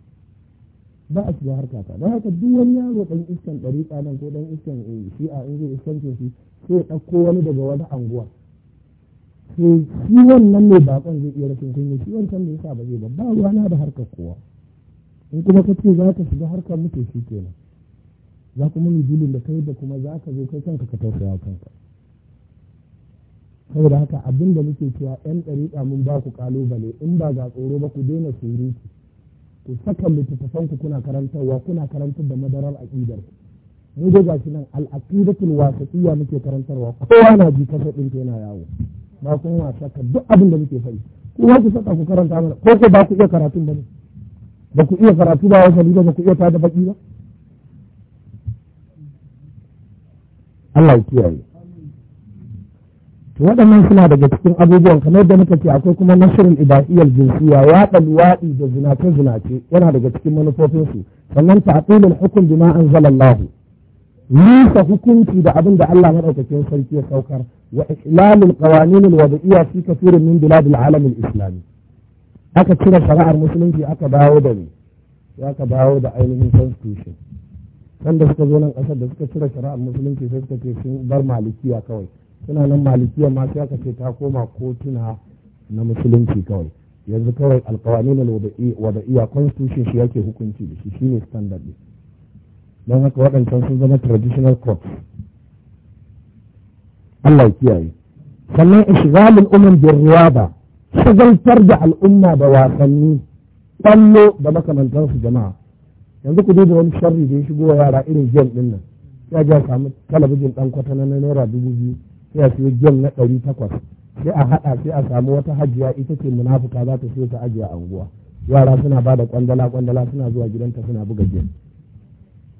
ba a shiga harka ta don haka duk wani yaro ɗan iskan ɗari nan ko ɗan iskan eh, shi'a in zai iskance shi sai ya ɗauko wani daga wani anguwa to shi wannan ne bakon zai iya rashin kunya shi wancan da yasa ba zai ba ba na da harkar kowa in kuma ka ce za ka shiga harkar mutu shi kenan za kuma julin da kai da kuma za ka zo kai kanka ka tausaya kanka da haka abin da muke cewa yan ɗariƙa mun ba ku ƙalubale in ba ga tsoro ba ku daina surutu ku saka littattafan ku kuna karantarwa kuna karantar da madarar aƙidar mu ga shi nan al'aqidatul wasatiyya muke karantarwa kowa na ji kasa ɗin yana yawo ba kun wasa kan duk abin da muke fari ko ba ku saka ku karanta mana ko ko ba ku iya karatun ba ne ba ku iya karatu ba wasali ba ku iya tada baki ba Allah ya kiyaye to waɗannan suna daga cikin abubuwan kamar yadda muka ce akwai kuma nasirin ibadiyyar jinsiya yaɗa luwaɗi da zinace zinace yana daga cikin manufofinsu sannan ta'tilul hukum bima anzalallahu nisa hukunci da abin da Allah madaukakin sarki ya saukar wa islamul qawanin alwadiyya fi kafirin min bilad alalam islami aka cire shari'ar musulunci aka dawo da ni ya ka dawo da ainihin constitution wanda suka zo nan kasar da suka cire shari'ar musulunci sai suka ce sun bar malikiya kawai suna nan malikiya ma sai aka ce ta koma kotuna na musulunci kawai yanzu kawai alqawanin alwadiyya constitution shi yake hukunci da shi shine standard ne don haka waɗancan sun zama traditional crops Allah kiyaye sannan umar bin bir ba shagaltar da al'umma da wasanni kwallo da makamantansu jama'a yanzu ku duba wani sharri da ya shigo yara irin gem din nan ya ja samu talabijin ɗan kwatana na naira dubu biyu sai a siyo gem na ɗari takwas sai a haɗa sai a samu wata hajiya ita ce munafuka za ta siyo ta ajiya a unguwa yara suna ba da kwandala kwandala suna zuwa gidanta suna buga gem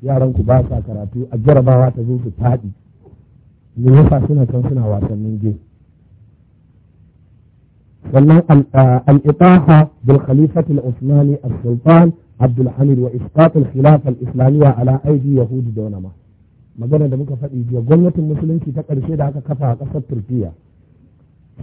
yaran ku ba sa karatu a jarabawa ta zo su faɗi me yasa suna kan suna wasannin game sannan al-ibaha bil khalifati al-usmani al-sultan abdul hamid wa isqat al al-islamiyya ala aidi yahudi da wani magana da muka faɗi jiya gwamnatin musulunci ta ƙarshe da aka kafa a ƙasar turkiya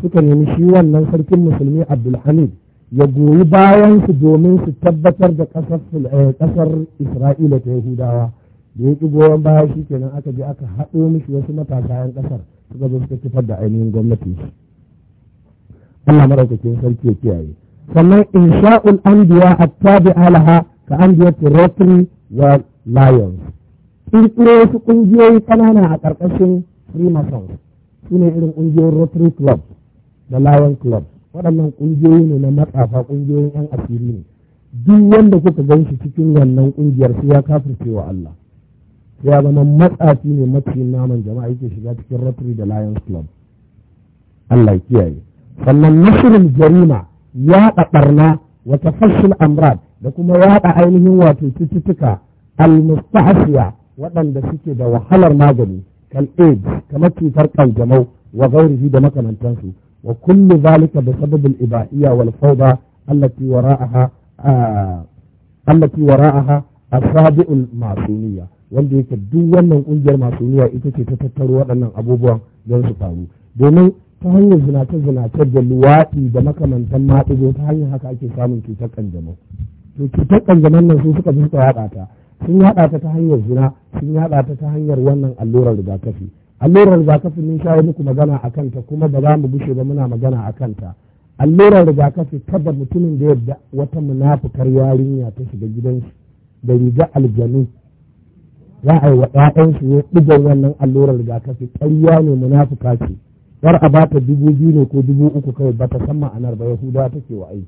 suka nemi shi wannan sarkin musulmi abdul hamid ya goyi bayan su domin su tabbatar da eh, ƙasar isra'ila ta yahudawa da ya ƙi goyon baya shi kenan aka je aka haɗo mishi wasu matasa 'yan ƙasar suka zo suka kifar da ainihin gwamnati Allah maraukakin sarki ya kiyaye sannan insha'ul a tabi alaha ka ta rotary wa lions in kirkiro wasu ƙungiyoyi ƙanana a ƙarƙashin freemasons su ne irin ƙungiyoyin rotary club da lion club waɗannan ƙungiyoyi ne na matsafa ƙungiyoyin 'yan asiri ne duk wanda kuka gan shi cikin wannan ƙungiyar sai ya kafirce wa Allah ya zama matsafi ne maciyin naman jama'a yake shiga cikin rotary da lions club Allah kiyaye sannan nasirin jarima yaɗa ɓarna wata fashin amrad da kuma yaɗa ainihin wato cututtuka almustahsiya waɗanda suke da wahalar magani kal aids kamar cutar kanjamau wa gauri da makamantansu وكل ذلك بسبب الإباحية والفوضى التي وراءها آه التي وراءها السابع الماسونية wanda yake duk wannan kungiyar masoniya ita ce ta tattaro waɗannan abubuwan don su faru domin ta hanyar zinace-zinace da luwaɗi da makamantan maɗigo ta hanyar haka ake samun cutar kanjamau to cutar kanjamau nan su suka fi suka yaɗa ta sun yaɗa ta ta hanyar zina sun yaɗa ta ta hanyar wannan allurar rigakafi allurar rigakafi mun shawo muku magana a kanta kuma ba za mu bushe ba muna magana a kanta allurar rigakafi kada mutumin da yadda wata munafukar yarinya ta shiga gidansu da riga aljanu za a yi wa ɗaɗansu ne ɗigon wannan allurar rigakafi ƙarya ne munafuka ce yar a bata dubu biyu ne ko dubu uku kawai bata san ma'anar ba yahuda take wa aiki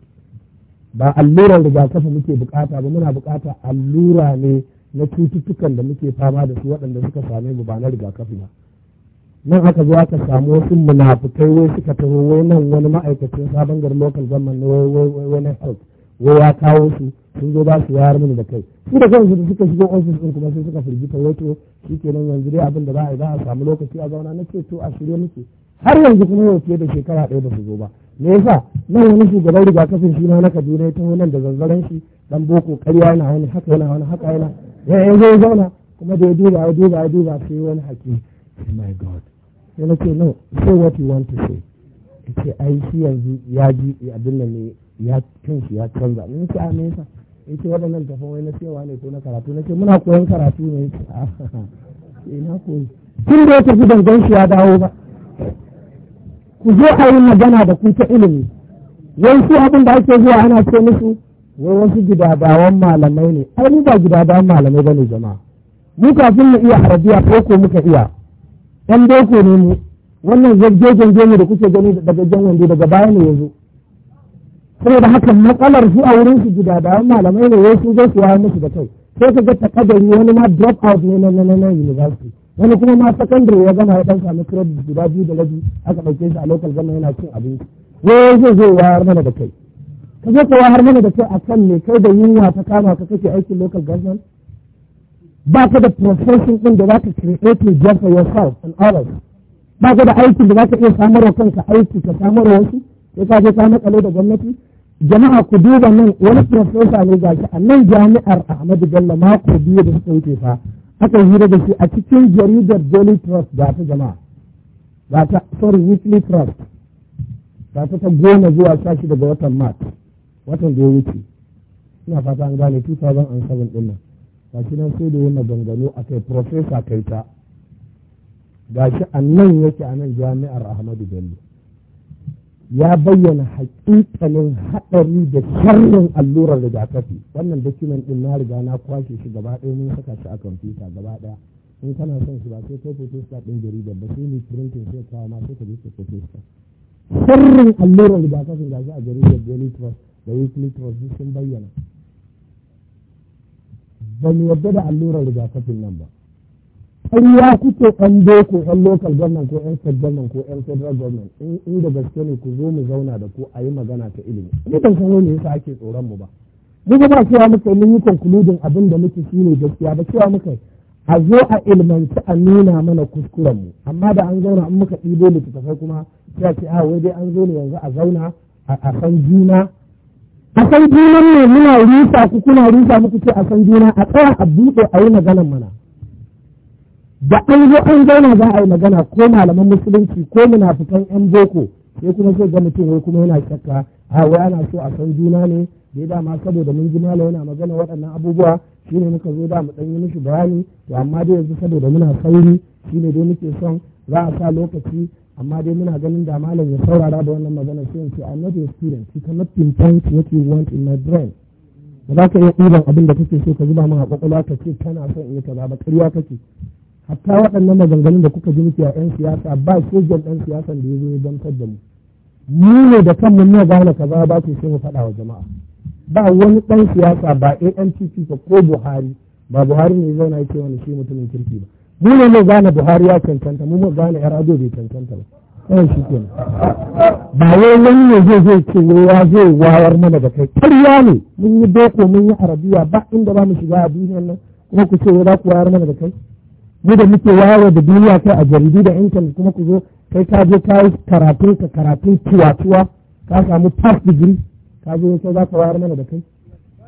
ba allurar rigakafi muke bukata ba muna bukata allura ne na cututtukan da muke fama da su waɗanda suka same mu ba na rigakafi ba nan aka zo aka samu wasu munafukai wai suka taho wai nan wani ma'aikacin sabon garin local government na wani health wai ya kawo su sun zo ba su yayar mini da kai su da kansu da suka shigo ofis din kuma sai suka firgita wato shi kenan yanzu dai abin da za a yi za a samu lokaci a zauna na ce to a shirye muke har yanzu kuma yau fiye da shekara ɗaya ba su zo ba me yasa nan wani shugaban rigakafin shi ma na Kaduna ya taho nan da zanzaren shi dan boko ƙarya yana wani haka yana wani haka yana ya zauna kuma da ya duba ya duba ya duba sai wani hakimi my god sai na ce no say what you want to say ya ce ai shi yanzu ya ji abin da ne ya kan shi ya canza Ni ce a ah, nesa yasa ya ce waɗannan tafan wai na cewa ne ko na karatu na ce muna koyon karatu ne ina ah, eh, koyi tun da ya tafi ban gan shi ya dawo ba ku zo a yi magana da ku ta ilimi Yanzu su abin da ake zuwa ana ce musu wai wasu gidadawan malamai ne ai mu ba gidadawan malamai ba ne jama'a mu kafin mu iya arabiya ko ko muka iya ɗan boko ne mu wannan zagjogen ne da kuke gani daga jan wando daga baya ne ya saboda haka matsalar su a wurin su gida da malamai ne wasu zai su wayar musu da kai sai ka ga kadari wani ma drop out ne na na na university wani kuma ma sakandare ya gama ya dan samu credit guda biyu da rabi aka ɗauke shi a lokal zama yana cin abinci wai zai zo wayar mana da kai ka zo ka wayar mana da kai a kan ne kai da yunwa ta kama ka kake aikin lokal government ba ka da profession ɗin da za ka create job for yourself and others ba ka da aikin da za ka iya samarwa kanka aiki ka samarwa wasu sai ka je ka makale da gwamnati jama'a ku duba nan wani profesa ne ga shi a nan jami'ar ahmadu bello mako biyu da suka wuce fa aka yi da shi a cikin jaridar daily trust ga ta jama'a ga ta sorry weekly trust ga ta ta goma zuwa sha daga watan mars watan da ya wuce ina fata an gane 2007 din nan gashi nan sai da yi maganganu a kai profesa kai ta gashi a nan yake a nan jami'ar ahmadu bello ya bayyana hakikalin haɗari da sharrin allurar rigakafi wannan dokumen ɗin na riga na kwashe shi gaba ɗaya mun saka shi a kwamfuta gaba ɗaya in kana son shi ba sai kai ɗin jaridar ba sai ni printing sai kawo ma sai ka je ka sharrin allurar rigakafin gashi a jaridar daily trust da weekly trust sun bayyana ban yarda da allurar rigakafin nan ba ya kuke ɗan doko ɗan lokal gwamnan ko ɗan state government ko ɗan federal government in da gaske ne ku zo mu zauna da ku a yi magana ta ilimi ni ban san wani yasa ake tsoron mu ba mu ba cewa muka mun yi concluding abin da muke shine gaskiya ba cewa muka a zo a ilmanci a nuna mana kuskuren mu amma da an zauna an muka ɗibo littattafai kuma sai a ce a ah, wai dai an zo ne yanzu a zauna a san juna a san junan ne muna rusa ku kuna rusa muku ce a san juna a tsaya a buɗe a yi maganan mana da an zo an zauna za a yi magana ko malaman musulunci ko munafukan yan boko sai kuma sai ga mutum wai kuma yana shakka a wai ana so a san juna ne da ya dama saboda mun ji malam yana magana waɗannan abubuwa shi ne muka zo da mu dan yi mishi bayani to amma dai yanzu saboda muna sauri shine dai muke son za a sa lokaci amma dai muna ganin da malam ya saurara da wannan magana sai in ce I'm not your student you cannot pinpoint what you want in my brain ba za ka iya ɗiban abin da kake so ka zuba min a kwakwalwa ka ce kana son in yi kaza ba ƙarya kake hatta waɗannan maganganun da kuka ji muke a 'yan siyasa ba sojan ɗan siyasan da ya zo ya gamsar da mu mu ne da kanmu ne gane kaza ba ke sai mu faɗa wa jama'a ba wani ɗan siyasa ba ANPP ko Buhari ba Buhari ne ya zauna ya ce wani shi mutumin kirki ba mu ne gane buhari ya cancanta mu mu gane yar ado bai cancanta ba kawai shi ke ba wai wani ne zai zai ce ya zai wawar mana da kai karya ne mun yi boko mun yi arabiya ba inda ba mu shiga a duniyar nan kuma ku ce za ku wayar mana da kai mu da muke wayar da duniya kai a jaridu da intanet kuma ku zo kai ka je ka yi karatun ka karatun tuwa-tuwa ka samu past degree ka zo sai za ku wayar mana da kai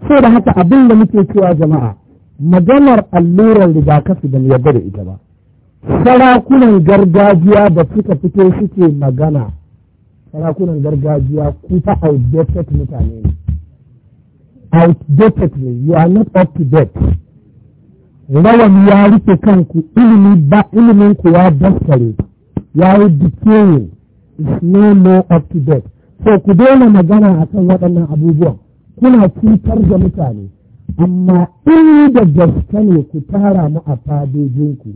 sai da haka abin da muke cewa jama'a maganar allurar rigakafi ka fi da ita ba sarakunan gargajiya da suka fito suke magana sarakunan gargajiya kuta outdated mutane ne outdated ne you are not up to date rawan ya rufe kanku ilimi ba ilimin ku ya daskare ya yi decaying is no more up to date so ku daina magana akan waɗannan abubuwan kuna cutar da mutane amma in da gaske ne ku tara mu a fadojinku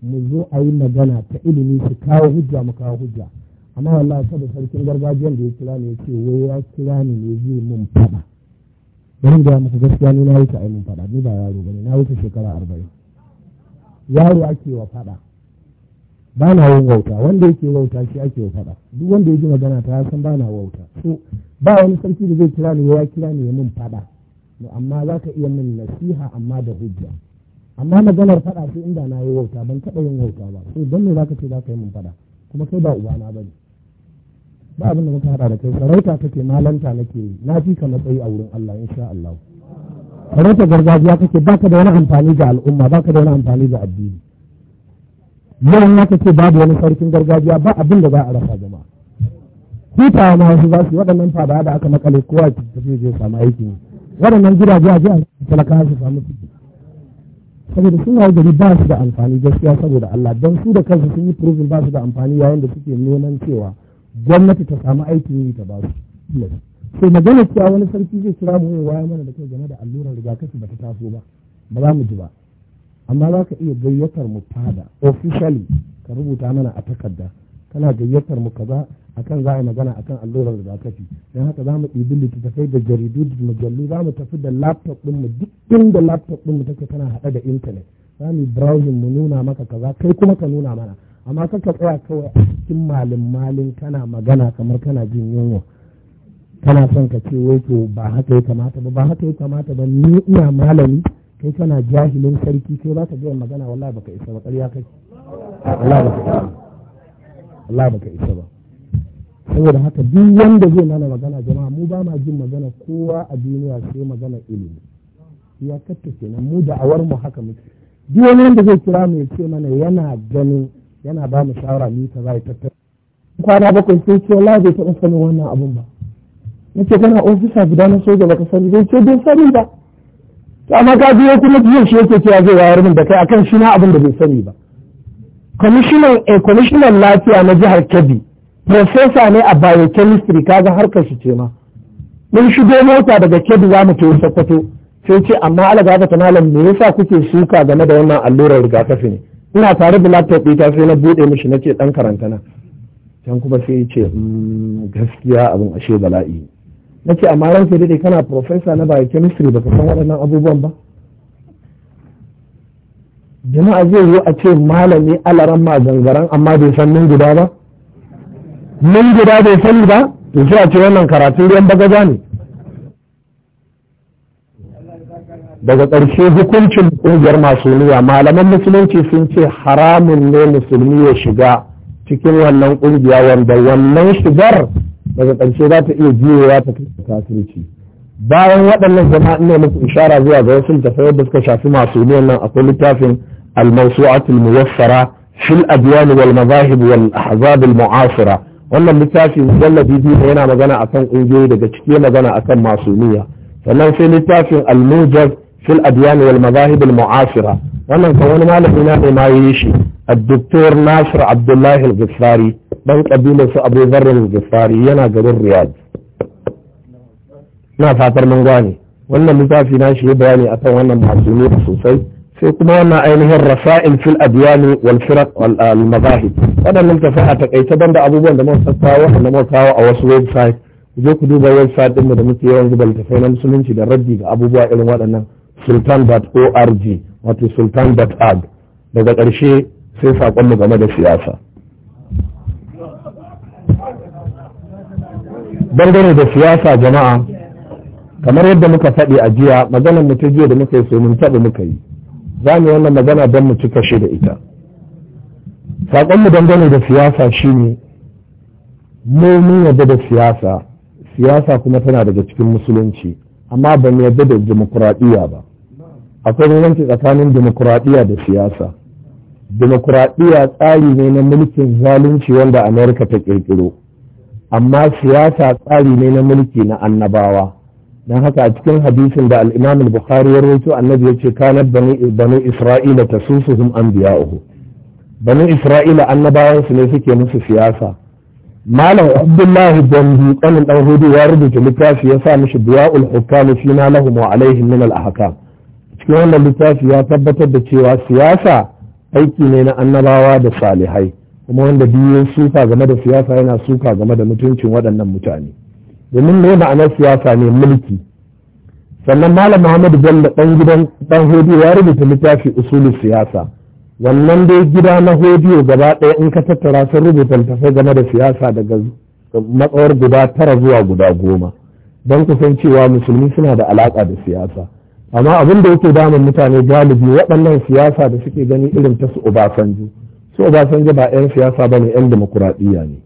mu zo a yi magana ta ilimi su kawo hujja mu kawo hujja amma wallahi saboda sarkin gargajiyar da ya kira ne ce wai ya kira ni ne zai mun fada bari da muku gaskiya ni na yi ta mun fada ni ba yaro bane na wuce shekara arba'in yaro ake wa fada ba na yin wauta wanda yake wauta shi ake wa fada duk wanda ya ji magana ta san ba na wauta so ba wani sarki da zai kira ni ya kira ni ya mun fada amma za ka iya min nasiha amma da hujja amma maganar faɗa sai inda na yi wauta ban taɓa yin wauta ba sai don me za ka ce za ka yi min faɗa kuma kai ba ubana ba ne ba abin da muka haɗa da kai sarauta kake malanta nake yi na fi ka matsayi a wurin Allah insha Allah sarauta gargajiya kake baka da wani amfani ga al'umma baka da wani amfani ga addini yawan ya ce babu wani sarkin gargajiya ba abin da za a rasa jama'a hutawa ma wasu za su yi waɗannan fada da aka makale kowa ki tafi je samu aikin waɗannan gidaje a jiya talaka su samu su saboda sun hau gari ba su da amfani gaskiya saboda Allah don su da kansu sun yi furufin ba su da amfani yayin da suke neman cewa gwamnati ta samu aikin yi ta ba su sai magana cewa wani sarki zai kira mu waya mana da kai game da allurar rigakafi ba ta taso ba ba za mu ji ba amma za ka iya gayyatar mu fada officially ka rubuta mana a takarda kana gayyatar mu kaza akan za a yi magana akan allurar rigakafi don haka za mu ɗibi littattafai da jaridu da mujallu za mu tafi da laptop ɗinmu duk inda laptop mu take tana haɗe da intanet za mu browsing mu nuna maka kaza kai kuma ka nuna mana amma ka tsaya kawai a cikin malin malin kana magana kamar kana jin yunwa kana son ka ce wai to ba haka ya kamata ba ba haka ya kamata ba ni ina malami kai kana jahilin sarki sai ba ka magana wallahi baka isa ba ƙarya kai wallahi baka isa ba saboda haka duk wanda zai mana magana jama'a mu ba ma jin magana kowa a duniya sai magana ilimi ya katta kenan mu da awar mu haka muke duk wani wanda zai kira mu ya ce mana yana ganin yana ba mu shawara ni ta zai tattara kwana bakwai sai ce la bai taɓa sanin wannan abun ba ce kana ofisa guda na soja baka sani zai ce bai sani ba to amma ka biyo kuma jiya shi yake cewa zai wayar min da kai akan shi na abin da bai sani ba kwamishinan eh, lafiya na jihar Kebbi profesa ne a biochemistry kaga harkar shi ce ma mun shigo mota daga kedu za mu ke sokoto sai ce amma alaga ta malam me yasa kuke suka game da wannan allurar rigakafi ne ina tare da laptop ita sai na buɗe mishi nace ɗan karanta na can kuma sai ce hmm, gaskiya abin ashe bala'i nace amma ran sai dai kana profesa na biochemistry baka san waɗannan abubuwan ba jama'a zai zo a ce malami alaran ma zangaran amma bai san min guda ba mun guda bai sani ba to sai a ce wannan karatun ruwan bagaza ne daga ƙarshe hukuncin ƙungiyar masoniya malaman musulunci sun ce haramun ne musulmi ya shiga cikin wannan ƙungiya wanda wannan shigar daga ƙarshe za ta iya jiyowa ta kafirci bayan waɗannan zama ina muku ishara zuwa ga wasu littattafai da suka shafi masoniyan nan akwai littafin al-mawsu'atul muwaffara fil adyan wal mazahib wal ahzab al mu'asira wannan littafi mujallabi biyu ne yana magana akan ƙungiyoyi daga ciki magana akan masuniya sannan sai littafin al-mujaz fil adyan wal al mu'asira wannan kan wani malami na ne ma yi shi الدكتور Nasir Abdullahi الله ɗan dan kabilar su Abu Dharr al-Ghifari yana garin Riyadh na fatar mun gane wannan littafi na shi bayani akan wannan masuniya sosai sai kuma wannan ainihin rasa'il fil adyani wal firaq wal ah, mazahib ta tafi a takaice banda abubuwan da muka kawo wanda muka kawo a wasu website je ku duba website ɗinmu da muke yawan zuba littattafai na musulunci da raddi ga abubuwa irin waɗannan sultan.org wato sultan.org daga ƙarshe sai saƙonmu game da siyasa dangane da siyasa jama'a kamar yadda muka faɗi a jiya maganar mu ta jiya da muka yi so mun taɓa muka yi za mu wannan magana don mu cika shi da ita saƙonmu dangane da siyasa shine mu mun yarda da siyasa siyasa kuma tana daga cikin musulunci amma ba mu yarda da demokuraɗiyya ba akwai bambanci tsakanin demokuraɗiyya da siyasa demokuraɗiyya tsari ne na mulkin zalunci wanda amerika ta ƙirƙiro amma siyasa tsari ne na mulki na annabawa dan haka a cikin hadisin da al-Imam al-Bukhari ya rawaito annabi yace kanat bani banu Isra'ila biya uku banin Isra'ila annabawan su ne suke musu siyasa malam Abdullahi Dambi kanin dan hudu ya rubuta littafi ya sa mishi biya'ul hukami fi na lahum wa alaihim min al-ahkam cikin wannan littafi ya tabbatar da cewa siyasa aiki ne na annabawa da salihai kuma wanda biyu suka game da siyasa yana suka game da mutuncin waɗannan mutane domin mai ma'anar siyasa ne mulki sannan malam muhammadu bello ɗan gidan ɗan hodiyo ya rubuta littafi usulun siyasa wannan dai gida na hodiyo gaba ɗaya in ka tattara sun rubuta littafai game da siyasa daga matsawar guda tara zuwa guda goma don kusan cewa musulmi suna da alaƙa da siyasa amma abin da yake damun mutane galibi waɗannan siyasa da suke gani irin ta su obasanjo su obasanjo ba 'yan siyasa ba ne 'yan dimokuraɗiyya ne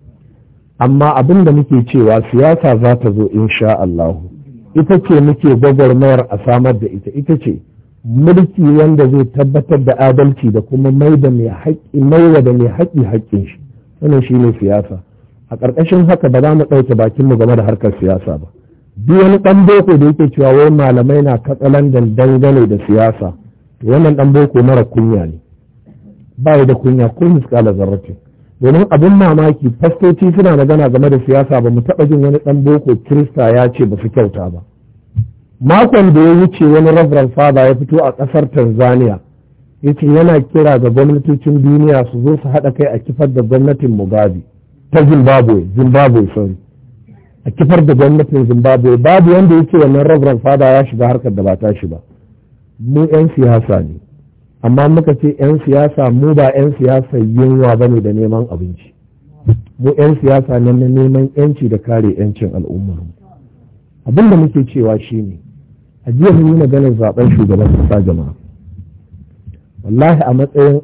amma abin da muke cewa siyasa za ta zo insha Allah, ita ce muke gwagwarmayar a samar da ita ita ce mulki wanda zai tabbatar da adalci da kuma mai da mai haƙƙi mai da mai haƙƙi haƙƙin shi wannan shine siyasa a ƙarƙashin haka ba za mu ɗauke bakin mu game da harkar siyasa ba duk wani ɗan boko da yake cewa wai malamai na katsalandan dangane da siyasa wannan ɗan boko mara kunya ne ba da kunya ko da zarratin domin abin mamaki fastoci suna magana game da siyasa ba mu taɓa jin wani ɗan boko kirista ya ce ba su kyauta ba makon da ya wuce wani rabran Fada ya fito a ƙasar tanzania ya yana kira ga gwamnatocin duniya su zo su haɗa kai a kifar da gwamnatin mugabe ta zimbabwe zimbabwe sorry a kifar da gwamnatin zimbabwe babu wanda ya ce wannan rabran Fada ya shiga harkar da ba ta shi ba mu 'yan siyasa ne amma muka ce 'yan siyasa mu ba 'yan siyasa yunwa ba ne da neman abinci mu 'yan siyasa ne na neman 'yanci da kare 'yancin al'ummar abin da muke cewa shi ne a jiya mun yi maganar zaben shugaban kasa jama'a wallahi a matsayin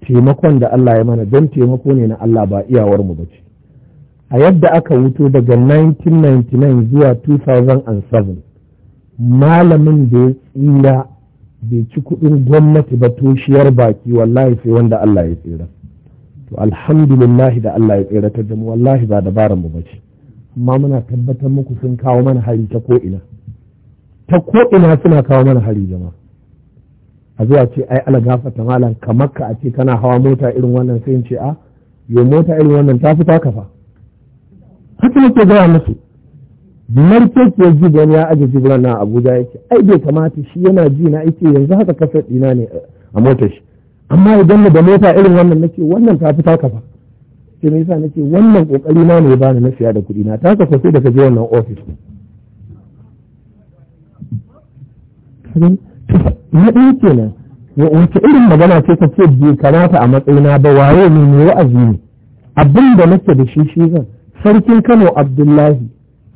taimakon da Allah ya mana don taimako ne na Allah ba iyawar mu ce a yadda aka wuto daga 1999 zuwa 2007 malamin da ya tsira bai ci kuɗin gwamnati ba toshiyar baki wallahi sai wanda Allah ya tsira to lillahi da Allah ya tsira ta mu wallahi ba dabaran mu bace amma muna tabbatar muku sun kawo mana hari ta ko ina ta ko ina suna kawo mana hari jama'a a zuwa ce ai ala gafata malam kamar ka a ce kana hawa mota irin wannan sai in ce a ah, yo mota irin wannan ta fita kafa haka nake gaya musu markekiyar ji wani ya aje jibran na abuja ya ce ai bai kamata shi yana ji na yake yanzu haka kasar ɗina ne a motar shi amma idan da mota irin wannan nake wannan ta fi taka fa sai me yasa nake wannan kokari na ne bani na siya da kuɗi na taka fa sai daga je wannan ofis na kenan wace irin magana ce ka ce bai kamata a matsayina ba waye ne mai wa'azi ne abin da nake da shi shi zan sarkin kano abdullahi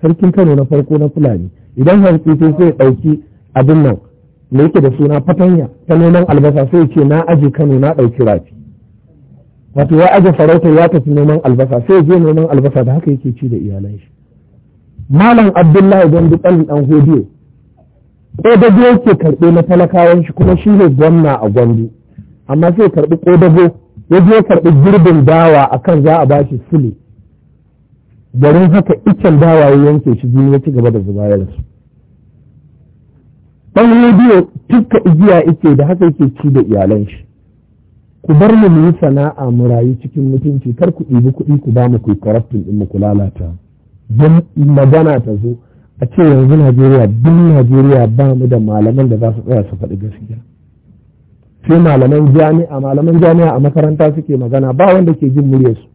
sarkin kano na farko na fulani idan hantsi sai sai ɗauki abin nan me yake da suna fatanya ta noman albasa sai ce na aje kano na ɗauki rafi wato ya aje farauta ya tafi noman albasa sai je neman albasa da haka yake ci da iyalan shi malam abdullahi don duk ɗan ɗan hodiyo ko dabo yake karɓe na talakawan shi kuma shi ne gwamna a gwandu amma sai karɓi ko dabo ya je karɓi girbin dawa akan za a bashi sule garin haka iccen dawaye yanke shi jini ya ci gaba da zuba ya rasu dan ne tukka igiya ike da haka yake ci da iyalan shi ku bar mu mu yi sana'a mu rayu cikin mutunci kar ku ɗibi kuɗi ku ba mu ku corruption din mu ku lalata don magana ta zo a ce yanzu Najeriya duk Najeriya ba mu da malaman da za su tsaya su faɗi gaskiya sai malaman jami'a malaman jami'a a makaranta suke magana ba wanda ke jin muryarsu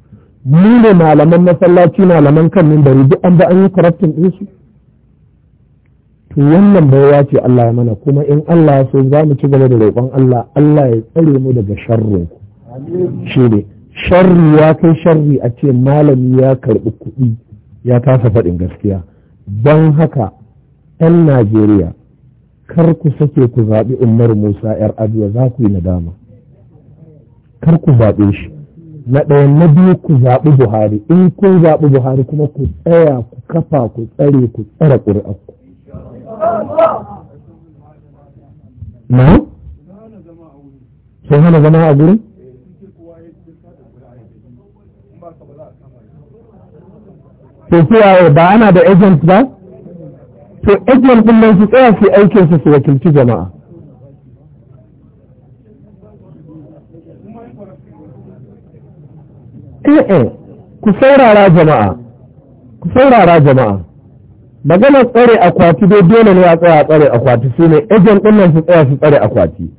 mu ne malaman masallaci malaman kan mimbari duk an ba an yi karatun din su to wannan baiwa ce Allah ya mana kuma in Allah ya so za mu ci gaba da roƙon Allah Allah ya tsare mu daga sharrin shi ne sharri ya kai sharri a ce malami ya karɓi kuɗi ya kasa faɗin gaskiya don haka 'yan Najeriya kar ku sake ku zaɓi Umar Musa 'yar Abuwa za ku yi nadama kar ku zaɓe shi na ɗaya na biyu ku zaɓi buhari in kun zaɓi buhari kuma ku tsaya ku kafa ku tsare ku ƙuri'a ku. na? sun hana zama a gurin? to kuwaye ba ana da agent ba? to agent ɗin nan su tsaya su aikinsu su wakilci jama'a Eh, eh, ku saurara jama'a ku saurara jama'a maganar tsare akwati dai dole ne ya tsaya tsare akwati su ne ejen ɗin su tsaya su tsare akwati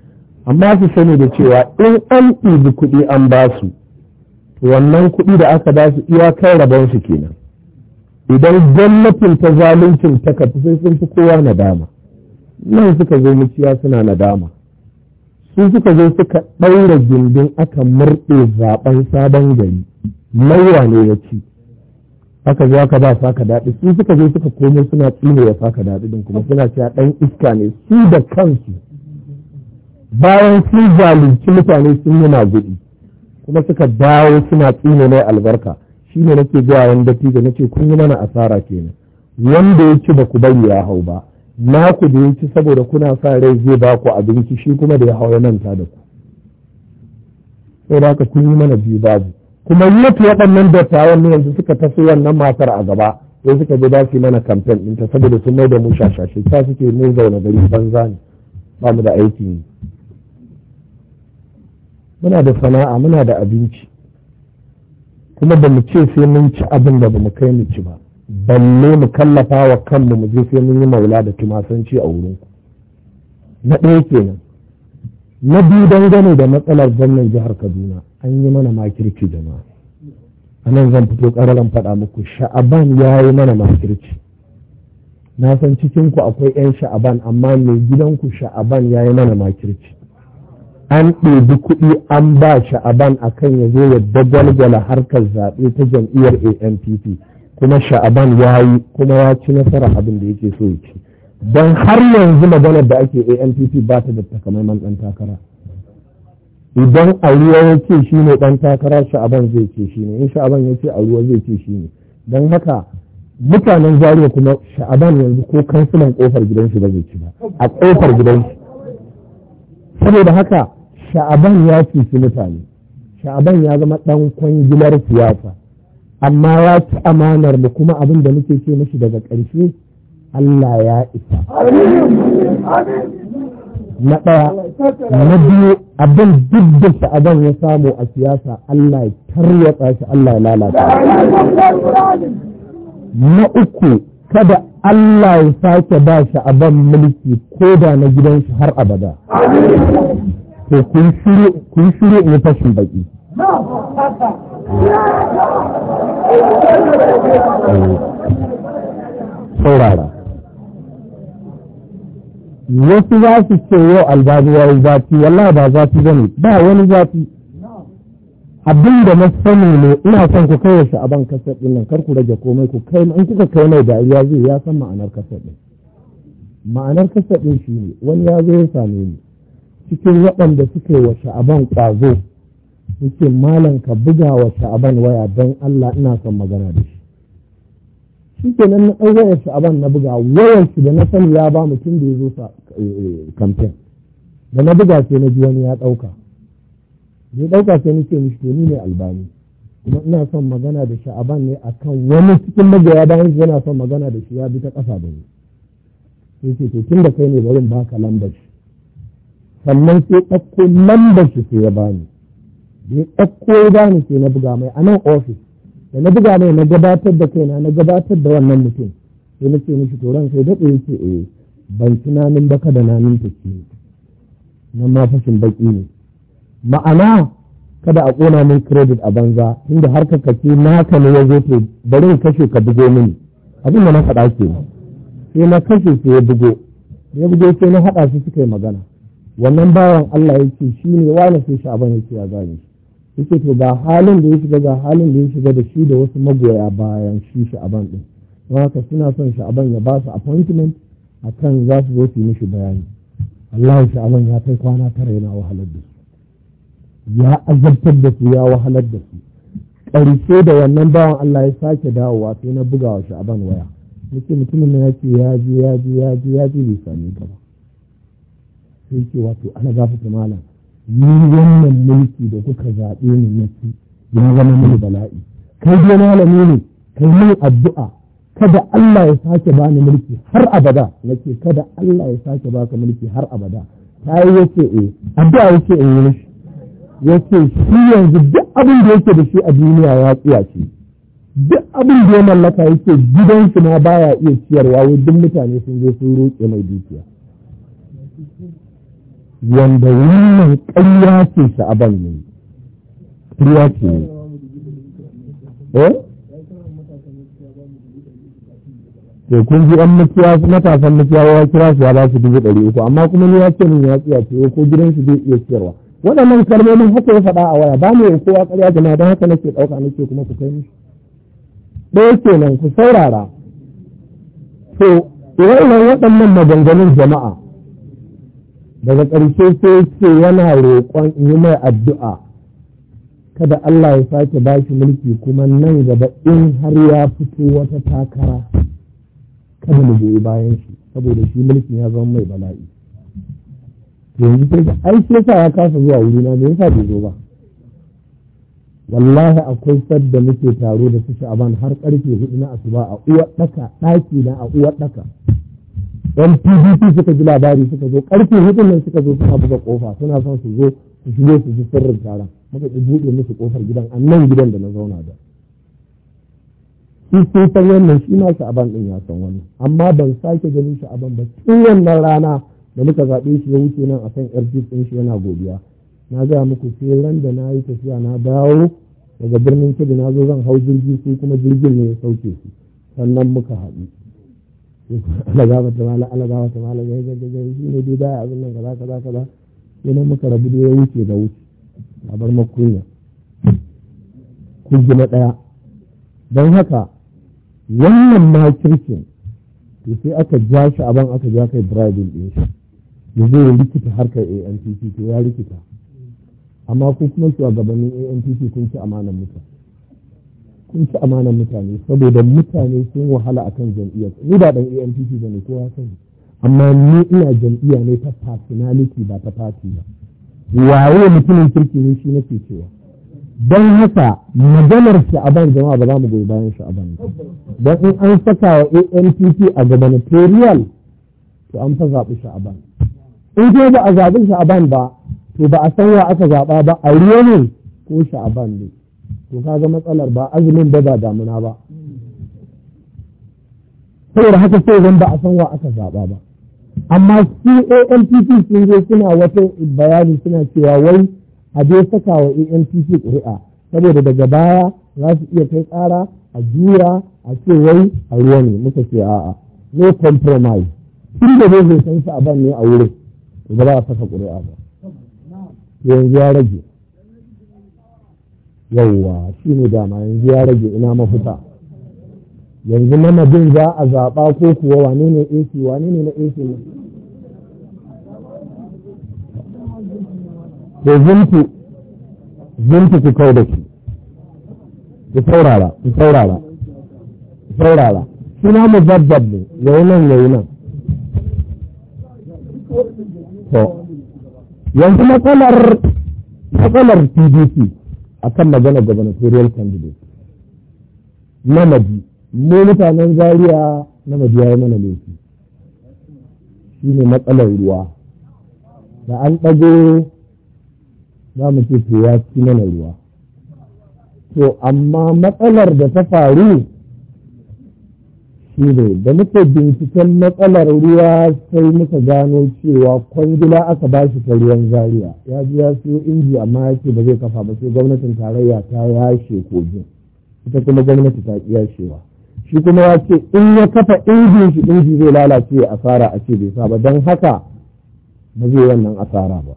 amma su sani da cewa in an ɗibi kuɗi an ba su wannan kuɗi da aka ba su kai rabon su kenan idan gwamnatin ta zaluncin ta kafi sai sun fi kowa nadama nan suka zo muciya suna nadama sun suka zo suka ɗaura gindin aka murɗe zaɓen sabon gari maiwa ne ya ci haka zo ka ba saka daɗi su suka zo suka komo suna tsine ya saka daɗi din kuma suna cewa ɗan iska ne su da kansu bayan su zalunci mutane sun yi mazuɗi kuma suka dawo suna tsine mai albarka shi ne nake gaya wani dattijo na ce kun yi mana asara kenan wanda ya ci ba ku bari ya hau ba naku da ya ci saboda kuna sa rai zai ba ku abinci shi kuma da ya hau ya manta da ku sai da haka kun yi mana biyu babu kuma yadda waɗannan dattawan ne yanzu suka taso wannan matar a gaba sai suka je dafi mana kamfen ta saboda sun mai da mu shashashe ta suke mu zauna gari banza ne ba mu da aiki ne muna da sana'a muna da abinci kuma ba mu ce sai mun ci abin da ba mu kai mu ci ba balle mu kallafa wa kanmu mu je sai mun yi maula da tumasanci a wurin na ɗaya kenan na biyu dangane da matsalar gwamnan jihar kaduna an yi mana makirci jama'a a nan zan fito ƙararan faɗa muku sha'aban ya yi mana makirci na san cikinku akwai 'yan sha'aban amma mai gidanku sha'aban ya yi mana makirci an ɗebi kuɗi an ba sha'aban a kan ya zo ya dagwalgwala harkar zaɓe ta jam'iyyar ampp kuma sha'aban ya yi kuma ya ci nasara abin da yake so ya ci don har yanzu maganar da ake ampp ba ta da takamaiman ɗan takara idan a ruwa ya ce shi ne ɗan takara sha'aban zai ce shi ne in sha'aban ya ce a zai ce shi ne don haka mutanen zariya kuma sha'aban yanzu ko kansilan kofar gidansu ba zai ci ba a kofar gidansu saboda haka sha'aban ya cuci mutane sha'aban ya zama ɗan kwangilar siyasa amma ya ci amanar mu kuma abin da muke ce mashi daga ƙarshe Allah ya isa na ɗaya na biyu abin duk da ya samu a siyasa Allah ya tarwatsa shi Allah ya lalata na uku kada Allah ya sake ba shi abin mulki ko da na gidan shi har abada to kun shiru kun in fashin baki saurara wasu za su ce yau albazi ya yi zafi wallah ba zafi ba ne ba wani zafi abin da na sani ne ina son ku kai shi a ban kasar ɗin nan karku ku rage komai ku kai in kuka kai mai ya zai ya san ma'anar kasar ɗin ma'anar kasar ɗin shi ne wani ya zo ya same ni cikin waɗanda suke wa sha'aban ƙwazo suke malam ka buga wa sha'aban waya don Allah ina son magana da shi shi ke nan na ɗan sha'aban na buga wayar da na sani ya ba mutum da ya zo sa kamfen eh, eh, da na buga sai na ji wani ya ɗauka ne ɗauka sai nake mishi to ni ne albani kuma ina son magana da sha'aban ne a kan wani cikin magaya bayan shi yana son magana da shi ya bi ta ƙasa da ni sai ce to tun da kai ne barin baka lambar shi sannan sai ɗauko lambar shi sai ya bani ne ɗauko ya bani sai na buga mai a nan ofis da na buga mai na gabatar da kaina na gabatar da wannan mutum sai na ce mishi turan sai daɗe ya ce eh ban tunanin baka da nanin take ne nan ma fashin baki ne ma'ana kada a ƙona min kiredit a banza inda har ka kace naka ne ya zo to bari in kashe ka bugo mini abin da na faɗa ke sai na kashe su ya bugo ya bugo sai na haɗa su suka yi magana wannan bawan Allah ya ce shi ne wani sai sha'aban ya ce ya gane shi yake to ga halin da ya shiga ga halin da ya shiga da shi da wasu magoya bayan shi sha'aban din don haka suna son sha'aban ya ba su appointment a kan za su zo su yi mishi bayani Allah sha'aban ya kai kwana tara yana wahalar da su ya azabtar da su ya wahalar da su ƙarshe da wannan bawan Allah ya sake dawowa sai na buga wa sha'aban waya nake mutumin na ce ya je ya je ya je ya je bai same ka ba sai ce wato ana gafa malam ni wannan mulki da kuka zaɓe ni ya zama mini bala'i kai dai malami ne kai min addu'a kada Allah ya sake bani mulki har abada nake kada Allah ya sake baka mulki har abada ta yace eh addu'a yace in eh. yi yace shi yanzu duk abin da yake da shi a duniya ya tsiya shi duk abin da ya mallaka yake gidansu ma baya iya ciyarwa wai duk mutane sun zo sun roƙe mai dukiya wanda wannan ƙarya ce sha'aban ne ƙarya ce eh kun ji an mutiya matasan mutuwa ya kira su ya ba su dubu ɗari uku amma kuma ni ya ce min ya tsaya ce ko gidan su zai iya siyarwa waɗannan kalmomin haka ya faɗa a waya ba mu yi kowa ƙarya jama'a don haka nake ɗauka nake kuma ku kai mishi ɗaya kenan ku saurara to irin waɗannan maganganun jama'a daga ƙarshe sai ce yana roƙon yi mai addu'a kada Allah ya sake ba shi mulki kuma nan gaba in har ya fito wata takara kada mu goyi bayan shi saboda shi mulkin ya zama mai bala'i yanzu sai ka ai sai sa ya kasa zuwa wuri na me yasa bai zo ba wallahi akwai da muke taro da su sha'aban har karfe hudu na asuba a uwar ɗaki na a uwar daka dan pdp suka ji labari suka zo karfe hudun nan suka zo suna buga kofa suna son su zo su shigo su ji sirrin taron muka ki buɗe musu kofar gidan a nan gidan da na zauna da Su sai san shi ma sha'aban din ya san wannan amma ban sake ganin sha'aban ba tun wannan rana da muka zaɓe shi ya wuce nan a kan airfield ɗin shi yana godiya na gaya muku sai ran da na yi tafiya na dawo daga birnin kudu na zo zan hau jirgi sai kuma jirgin ne ya sauke su sannan muka haɗu ana gaba ta mala ta ga ga ga ne abin nan kaza kaza kaza muka rabu da ya wuce da wuce a bar makunya kun na ɗaya don haka wannan kirkin to sai aka ja shi a aka ja kai bribing ɗin shi ya zo ya rikita harkar ANPP to ya rikita amma ko kuma shugabannin ANPP kun ci amanar mutane sun ci amanan mutane saboda mutane sun wahala akan jam'iyyar ni ba dan ANPP bane ko ya sani amma ni ina jam'iyya ne ta personality ba ta party ba waye mutumin kirki ne shi nake cewa don haka maganar sha'aban jama'a ba za mu goyi bayan sha'aban ba don in an saka wa ANPP a gubernatorial to an fa zaɓi sha'aban in ko ba a zaɓi sha'aban ba to ba a san wa aka zaɓa ba a ne ko sha'aban ne to kaga matsalar ba azumin da ba damuna ba saboda haka sai zan ba a san wa aka zaɓa ba amma ANPP sun zo suna wata bayani suna cewa wai a je saka wa ANPP ƙuri'a saboda daga baya za su iya kai tsara a jura a ce wai a ruwa ne muka ce a'a no compromise tun da zai san shi a ban ne a wurin ba za a saka ƙuri'a ba yanzu ya rage yauwa shi ne dama yanzu ya rage ina mafita yanzu mamadin za a zaɓa ko kuwa wane ne ac wane ne na ac ne ko zuntu zuntu ku kau da shi ku saurara ku saurara ku saurara suna mu zabbab ne yau nan yau nan yanzu matsalar matsalar pdp akan magana gubernatorial candidate namadi mu mutanen zaria namadi ya yi mana laifi shi ne matsalar ruwa da an ɗago za mu ce ya ci mana ruwa to amma matsalar da ta faru ne da muka binciken matsalar ruwa sai muka gano cewa kwangila aka ba shi ta ruwan zaria ya ji ya siyo inji amma ya ce ba zai kafa ba sai gwamnatin tarayya ta yashe kogin ita kuma gwamnati ta shewa shi kuma ya ce in ya kafa injin shi inji zai lalace a asara a ce bai sa ba don haka ba zai wannan asara ba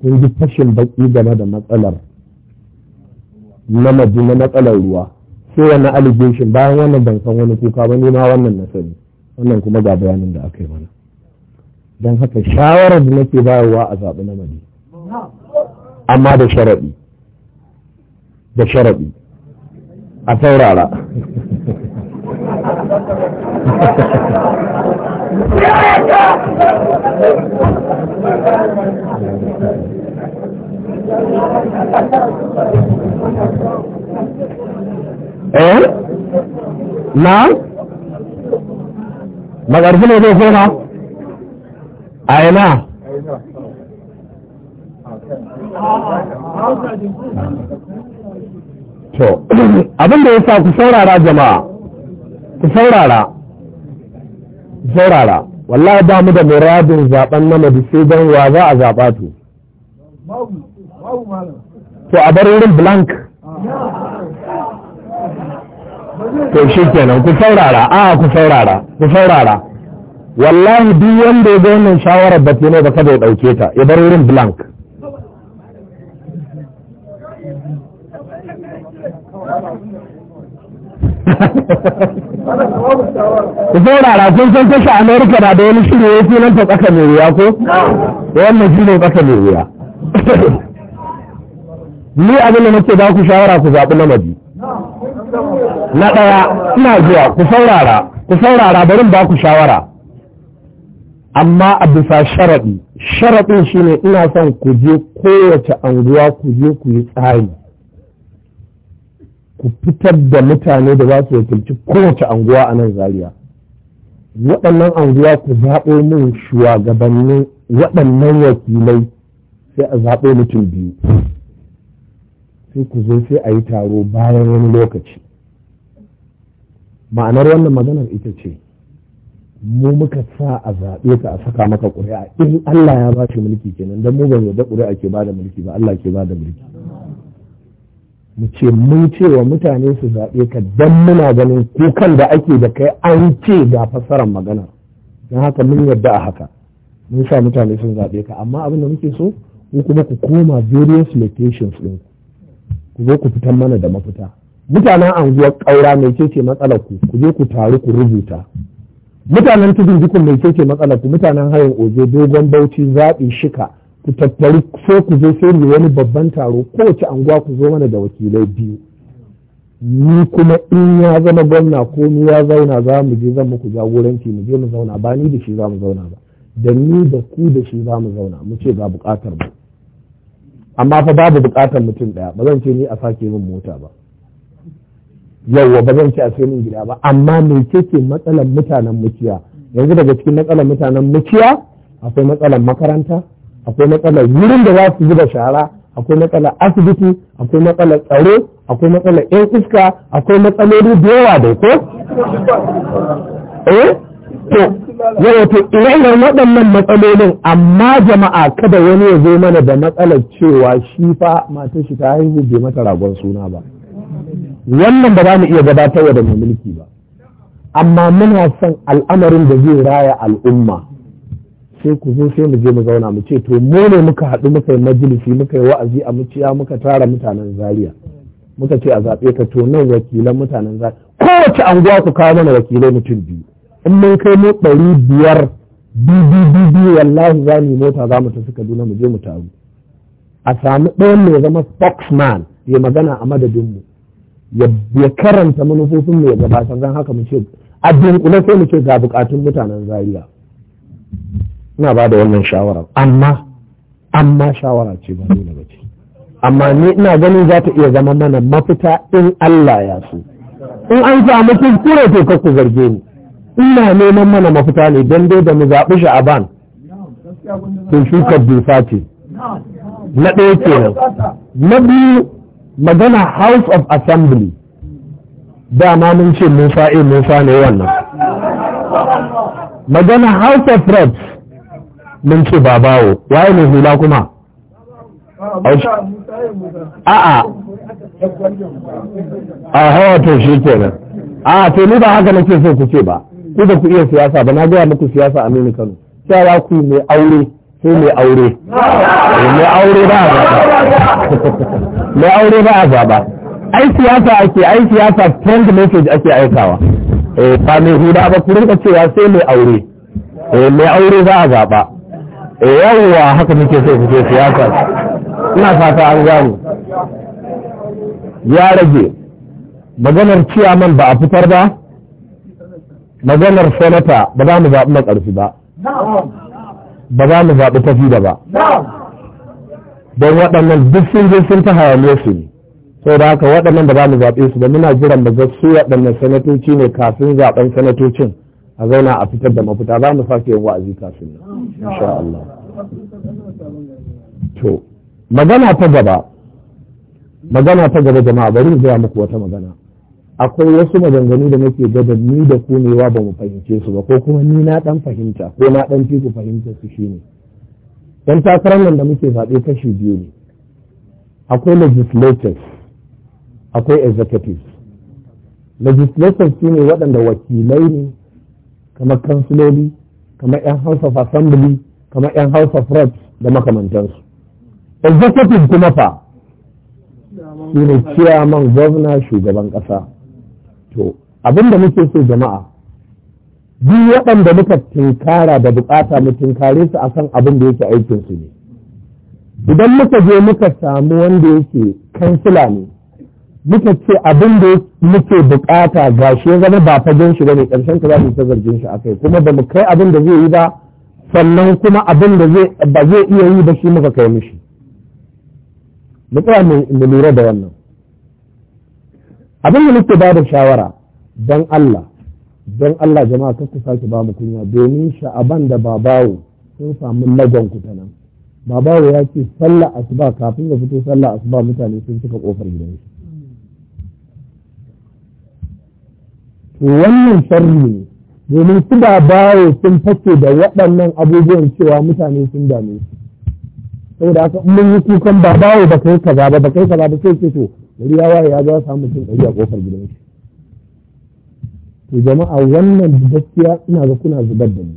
kun ji fashin baki game da matsalar na na matsalar ruwa sai wannan allegation bayan wannan ban san wani kuka ba ne ma wannan na sani wannan kuma ga bayanin da aka yi mana don haka shawarar da nake bayarwa a zaɓi na mani amma da sharaɗi da sharaɗi a taurara eh na magarfi ne zai koma a yana to abinda ya sa ku saurara jama'a ku saurara Ku saurara wallahi ba mu da muradin zaben na sai don wa za a zaɓa to to a bar wurin blank ah. to shi kenan ku saurara a ku saurara ku saurara wallahi duk wanda ya ga wannan shawarar ba ne ba kada ya dauke ta ya bar wurin blank ku saurara kun san tashi amerika na da wani shirya ya filan ta tsaka mai wuya ko wannan shi ne tsaka mai wuya ni abin da nake ba ku shawara ku zaɓi namadi na ɗaya ina zuwa ku saurara ku saurara bari ba ku shawara amma a bisa sharaɗi sharaɗin shi ne ina son ku je kowace anguwa ku je ku yi tsari ku fitar da mutane da za su wakilci kowace anguwa a nan zariya, waɗannan anguwa ku zaɓo min shugabannin waɗannan wakilai sai a zaɓo mutum biyu sai ku zo sai a yi taro bayan wani lokaci ma'anar wannan maganar ita ce mu muka sa a zaɓe ka a saka maka ƙuri'a in Allah ya ba shi mulki kenan dan mu ban yarda ƙuri'a ke ba da mulki ba Allah ke ba da mulki mu ce mun ce wa mutane su zaɓe ka dan muna ganin kukan da ake da kai an ce ga fassarar magana don haka mun yarda a haka mun sa mutane sun zaɓe ka amma abin da muke so ku kuma ku koma various locations ɗin ku zo ku fitan mana da mafita mutanen anguwar ƙaura mai ce matsalar ku ku je ku taru ku rubuta mutanen tudun jikun mai ce matsalar ku mutanen hayan oje dogon bauchi zaɓi shika ku tattaru so ku zo sai mu wani babban taro kowace anguwa ku zo mana da wakilai biyu ni kuma in ya zama gwamna ko ni ya zauna za mu je zan muku jagoranci mu je mu zauna ba ni da shi za mu zauna ba da ni da ku da shi za mu zauna mu ce ga bukatar mu amma fa babu bukatar mutum ɗaya, ba zan ce ni a sake min mota ba yawwa ba zan ci a gida ba amma me ke matsalar mutanen muciya yanzu daga cikin matsalar mutanen muciya akwai matsalar makaranta akwai matsalar wurin da za su zuba shara akwai matsalar asibiti akwai matsalar tsaro akwai matsalar yan iska akwai matsaloli da yawa da ko eh to yawa to ire waɗannan matsalolin amma jama'a kada wani ya zo mana da matsalar cewa shi fa matar shi ta haihu bai mata ragon suna ba wannan ba za mu iya gabatarwa da mai mulki ba amma muna son al'amarin da zai raya al'umma sai ku zo sai mu je mu zauna mu ce to mu ne muka haɗu muka yi majalisi muka yi wa'azi a muciya muka tara mutanen zaria muka ce a zaɓe ka to nan wakilan mutanen zaria kowace anguwa ku kawo mana wakilai mutum biyu in mun kai mu ɗari biyar bibi wallahi za mu mota za mu tafi kaduna mu je mu taru a sami ɗayan mai zama spokesman ya magana a madadinmu ya karanta manufofin mu ya gabata, don haka mu ce a dunkule sai mu ce ga bukatun mutanen Zariya. ina ba da wannan shawara amma amma shawara ce ba ne ba ce amma ni ina ganin za ta iya zama mana mafita in Allah ya so in an samu kuskure to ka ku zarge ni ina neman mana mafita ne don dai da mu zaɓi sha'aban to shukar dusa ce na ɗaya kenan na biyu magana house of assembly dama mun ce musa e musa ne wannan magana house of reps mun ce babawo waye ne hula kuma a'a a hawa to shi kenan a to ni ba haka nake so ku ce ba ku da ku iya siyasa ba na gaya muku siyasa a mini kano cewa ku mai aure sai mai aure mai aure ba a zaba mai aure ba a zaba ai siyasa ake ai siyasa trend message ake aikawa eh ba mai huda ba ku rinka cewa sai mai aure eh mai aure ba a zaba eh yawwa haka muke sai ku siyasa ina fata an gano ya rage maganar ciyaman ba a fitar ba maganar sanata ba za mu zaɓi na ƙarfi ba ba za mu zaɓi tafi da ba don waɗannan duk sun je sun ta hayaniyar su ne sau da haka waɗannan da ba mu zaɓe su ba muna jiran ba su waɗannan sanatoci ne kafin zaɓen sanatocin a zauna a fitar da mafita za mu sake yin wa'azi kafin nan insha Allah to magana ta gaba magana ta gaba jama'a bari mu gaya muku wata magana akwai wasu maganganu da nake gada ni da ku newa ba mu fahimce su ba ko kuma ni na dan fahimta ko na dan fi ku fahimta su shine dan takarar nan da muke zaɓe kashi biyu ne akwai legislators akwai executives legislators su waɗanda wakilai ne kamar kansiloli kamar 'yan house of assembly kamar 'yan house of reps da makamantansu executive kuma fa su ne chairman governor shugaban ƙasa to abinda muke so jama'a duk waɗanda muka tinkara da bukata mu tinkare su akan abin da yake aikin su ne idan muka je muka samu wanda yake kansila ne muka ce abin da muke bukata gashi ya zama ba fagen shi bane karshen ka za mu ta zargin shi akai kuma ba mu kai abin da zai yi ba sannan kuma abin da ba zai iya yi ba shi muka kai mishi mu tsaya mu lura da wannan abin da nake ba da shawara don Allah don Allah jama'a kar ku sake ba mu kunya domin sha'aban da babawo sun samu lagon ku ta nan babawo ya ce sallah asuba kafin ya fito sallah asuba mutane sun cika kofar gidan shi wannan sharri ne domin su babawo sun fake da waɗannan abubuwan cewa mutane sun dame su saboda haka mun yi kukan babawo ba kai kaza ba ba kai kaza ba sai ce to gari ya waye ya za samu mutum ɗari a ƙofar gidan shi to jama'a wannan gaskiya ina ga kuna zubar da ni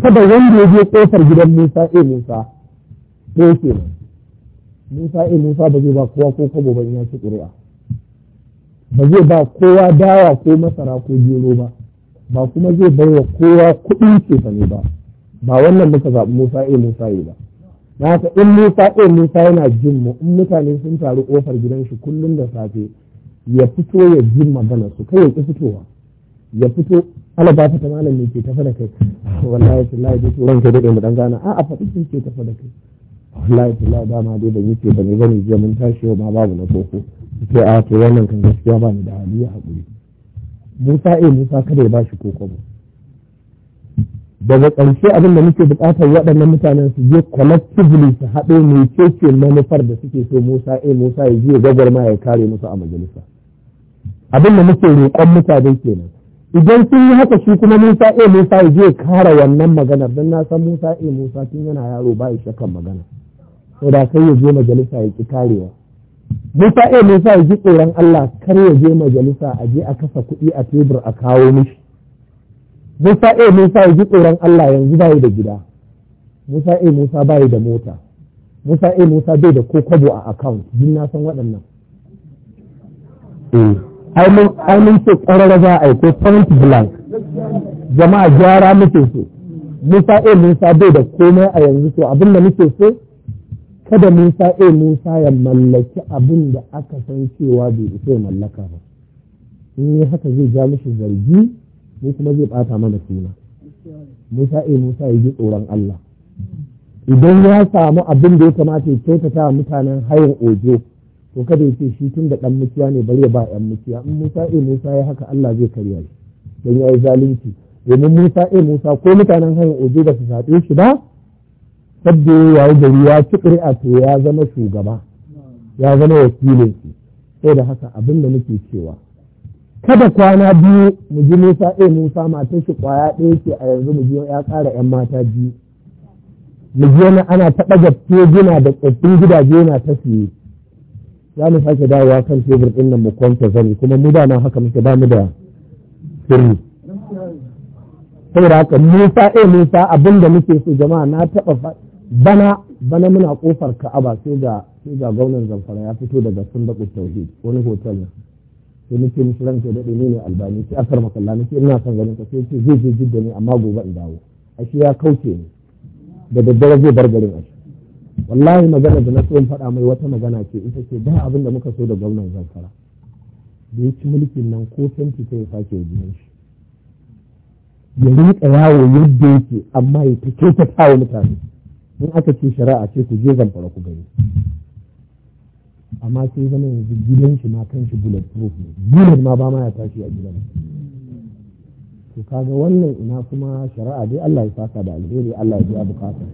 kada wanda ya je ƙofar gidan Musa e Musa ko kenan Musa e Musa ba zai ba kowa ko kwabo ba ya ci ƙuri'a ba zai ba kowa dawa ko masara ko gero ba ba kuma zai bai wa kowa kuɗin cefane ba ba wannan muka zaɓi Musa e Musa yi ba na in musa ɗin eh, musa yana jin mu in mutane sun taru ƙofar gidan shi kullum da safe ya fito ya jin magana su kai ya ƙi fitowa ya fito ala ba ta malam ne ke tafa da kai wallahi tallahi dai turan kai dade mu dan gana a a faɗi shi ke tafa da kai wallahi tallahi dama dai ban yake bane bane jiya mun tashi yau ma babu na koko sai a to wannan kan gaskiya ba ni da hali ya haƙuri musa eh musa kada ya bashi koko ba daga ƙarshe abin da muke buƙatar waɗannan mutanen su je collectively su haɗo mai ce manufar da suke so Musa eh Musa ya je gagar ma ya kare musu a majalisa abin da muke roƙon mutane kenan idan sun yi haka shi kuma Musa eh Musa ya je kare wannan maganar dan na san Musa eh Musa tun yana yaro ba ya shakan magana to da kai ya je majalisa ya ki karewa Musa eh Musa ya ji tsoron Allah kar ya je majalisa a je a kasa kuɗi a tebur a kawo mishi Musa A eh, Musa ya ji tsoron Allah yanzu bayi da gida Musa A eh, Musa bayi da mota Musa A eh, Musa bai da ko kwabo a account jin na san waɗannan hmm. ai mun ce ƙarara za a yi ko point blank jama'a gyara muke so Musa A Musa bai da komai a yanzu so abin da muke so kada Musa A Musa ya mallaki abin da aka san cewa bai isa mallaka ba in haka zai ja mishi zargi Ni kuma zai bata mana suna musa eh musa ya ji tsoron Allah idan ya samu abin da ya kamata ya kyautata wa mutanen hayan ojo to kada ya ce shi tun da ɗan mukiya ne bari ya ba ɗan mukiya in musa eh musa ya haka Allah zai karya shi don ya zalunci domin musa eh musa ko mutanen hayan ojo ba su saɓe shi ba sabbi ya yi gari ya ci ƙuri'a to ya zama shugaba ya zama wakilin shi sai da haka abin da muke cewa kada kwana biyu mu ji Musa eh Musa matar shi kwaya ɗaya ce a yanzu mu ji ya ƙara ƴan mata biyu mu ji wani ana ta ɗaga teguna da tsoffin gidaje na ta siye za mu sake dawowa kan tebur ɗin nan mu kwanta zani kuma mu dama haka muke ba mu da sirri saboda haka Musa eh Musa abin da muke so jama'a na taɓa bana bana muna ƙofar Ka'aba sai ga sai gwamnan Zamfara ya fito daga sun da Tauhid wani hotel ne. sai nake musu ranka da ɗani ne albani sai akar makalla nake ina son ganin ka sai ce zai je jidda ne amma gobe in dawo ashe ya kauce ne da daddare zai bar garin ashe wallahi magana da na so faɗa mai wata magana ce ita ce da abin da muka so da gwamnan zamfara da ya ci mulkin nan ko fenti sai ya sake jinin shi ya rika yawo yadda yake amma ya ta kyautata wa mutane in aka ce shari'a ce ku je zamfara ku gani amma sai zama yanzu gidan shi ma kan shi bullet proof ne bullet ma ba ma ya tashi a gidan to kaga wannan ina kuma shari'a dai Allah ya saka da alheri Allah ya biya bukata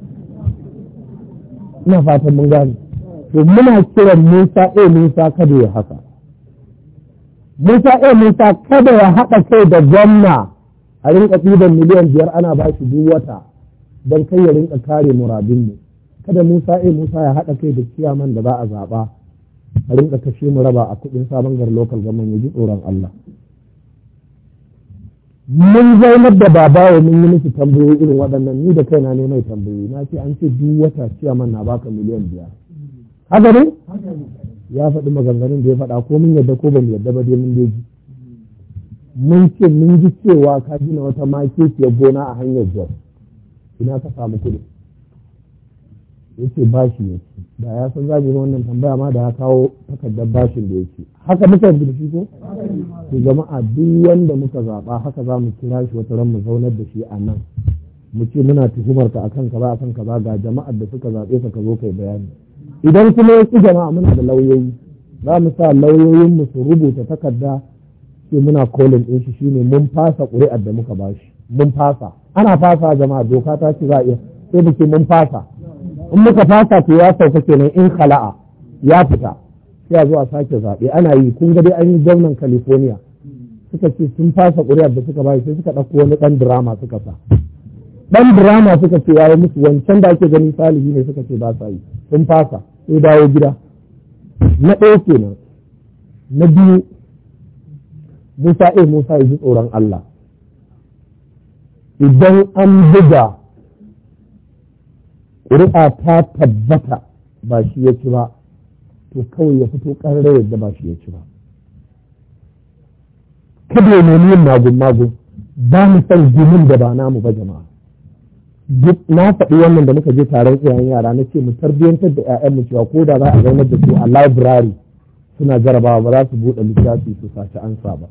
ina fatan mun gane to muna kiran Musa eh Musa kada ya haka Musa eh Musa kada ya haɗa kai da gwamna a rinka tsidan miliyan biyar ana ba shi duk wata don kai ya rinka kare muradinmu kada Musa eh Musa ya haɗa kai da kiyaman da za a zaɓa a rinka kashe mu raba a kudin sabon gar lokal government ya ji tsoron Allah mun zaunar da babawa mun yi miki tambayoyi irin waɗannan ni da kaina ne mai tambayoyi na ce an ce duk wata ciya man na baka miliyan biyar haka ne ya faɗi maganganun da ya faɗa ko mun yadda ko ban yadda ba dai mun dai ji mun ce mun ji cewa ka gina wata makeciyar gona a hanyar jos ina ka samu kuɗi yake bashi shi ne da ya san zaɓi wannan tambaya ma da ya kawo takardar bashin da ya haka muka yi ko to jama'a duk wanda muka zaɓa haka za mu kira shi wata ran mu zaunar da shi a nan mu ce muna tuhumar ka akan kaza akan kaza ga jama'ar da suka zaɓe ka ka zo kai bayani idan kuma ya jama'a muna da lauyoyi za mu sa lauyoyin mu su rubuta takarda ce muna kolin ɗin shi shine mun fasa ƙuri'ar da muka bashi mun fasa ana fasa jama'a doka ta ce za a iya sai mu ce mun fasa in muka fasa ce ya sauka kenan in khala'a ya fita sai a zuwa sake zaɓe ana yi kun ga dai an yi gwamnan california suka ce sun fasa ƙuri'ar da suka bayi sai suka ɗauko wani ɗan drama suka sa ɗan drama suka ce ya yi musu wancan da ake gani salihi ne suka ce ba sa yi sun fasa sai dawo gida na ɗaya kenan na biyu musa e musa ya ji tsoron allah idan an buga ƙuri'a ta tabbata ba shi ya ci ba to kawai ya fito ƙarar yadda ba shi ya ci ba kada ya nemi yin magun magun ba mu san gumin da ba namu ba jama'a duk na faɗi wannan da muka je taron iyayen yara na ce mu tarbiyyantar da 'ya'yan 'ya'yanmu cewa ko da za a zaunar da su a library suna jarabawa ba za su buɗe littafi su sace ansa ba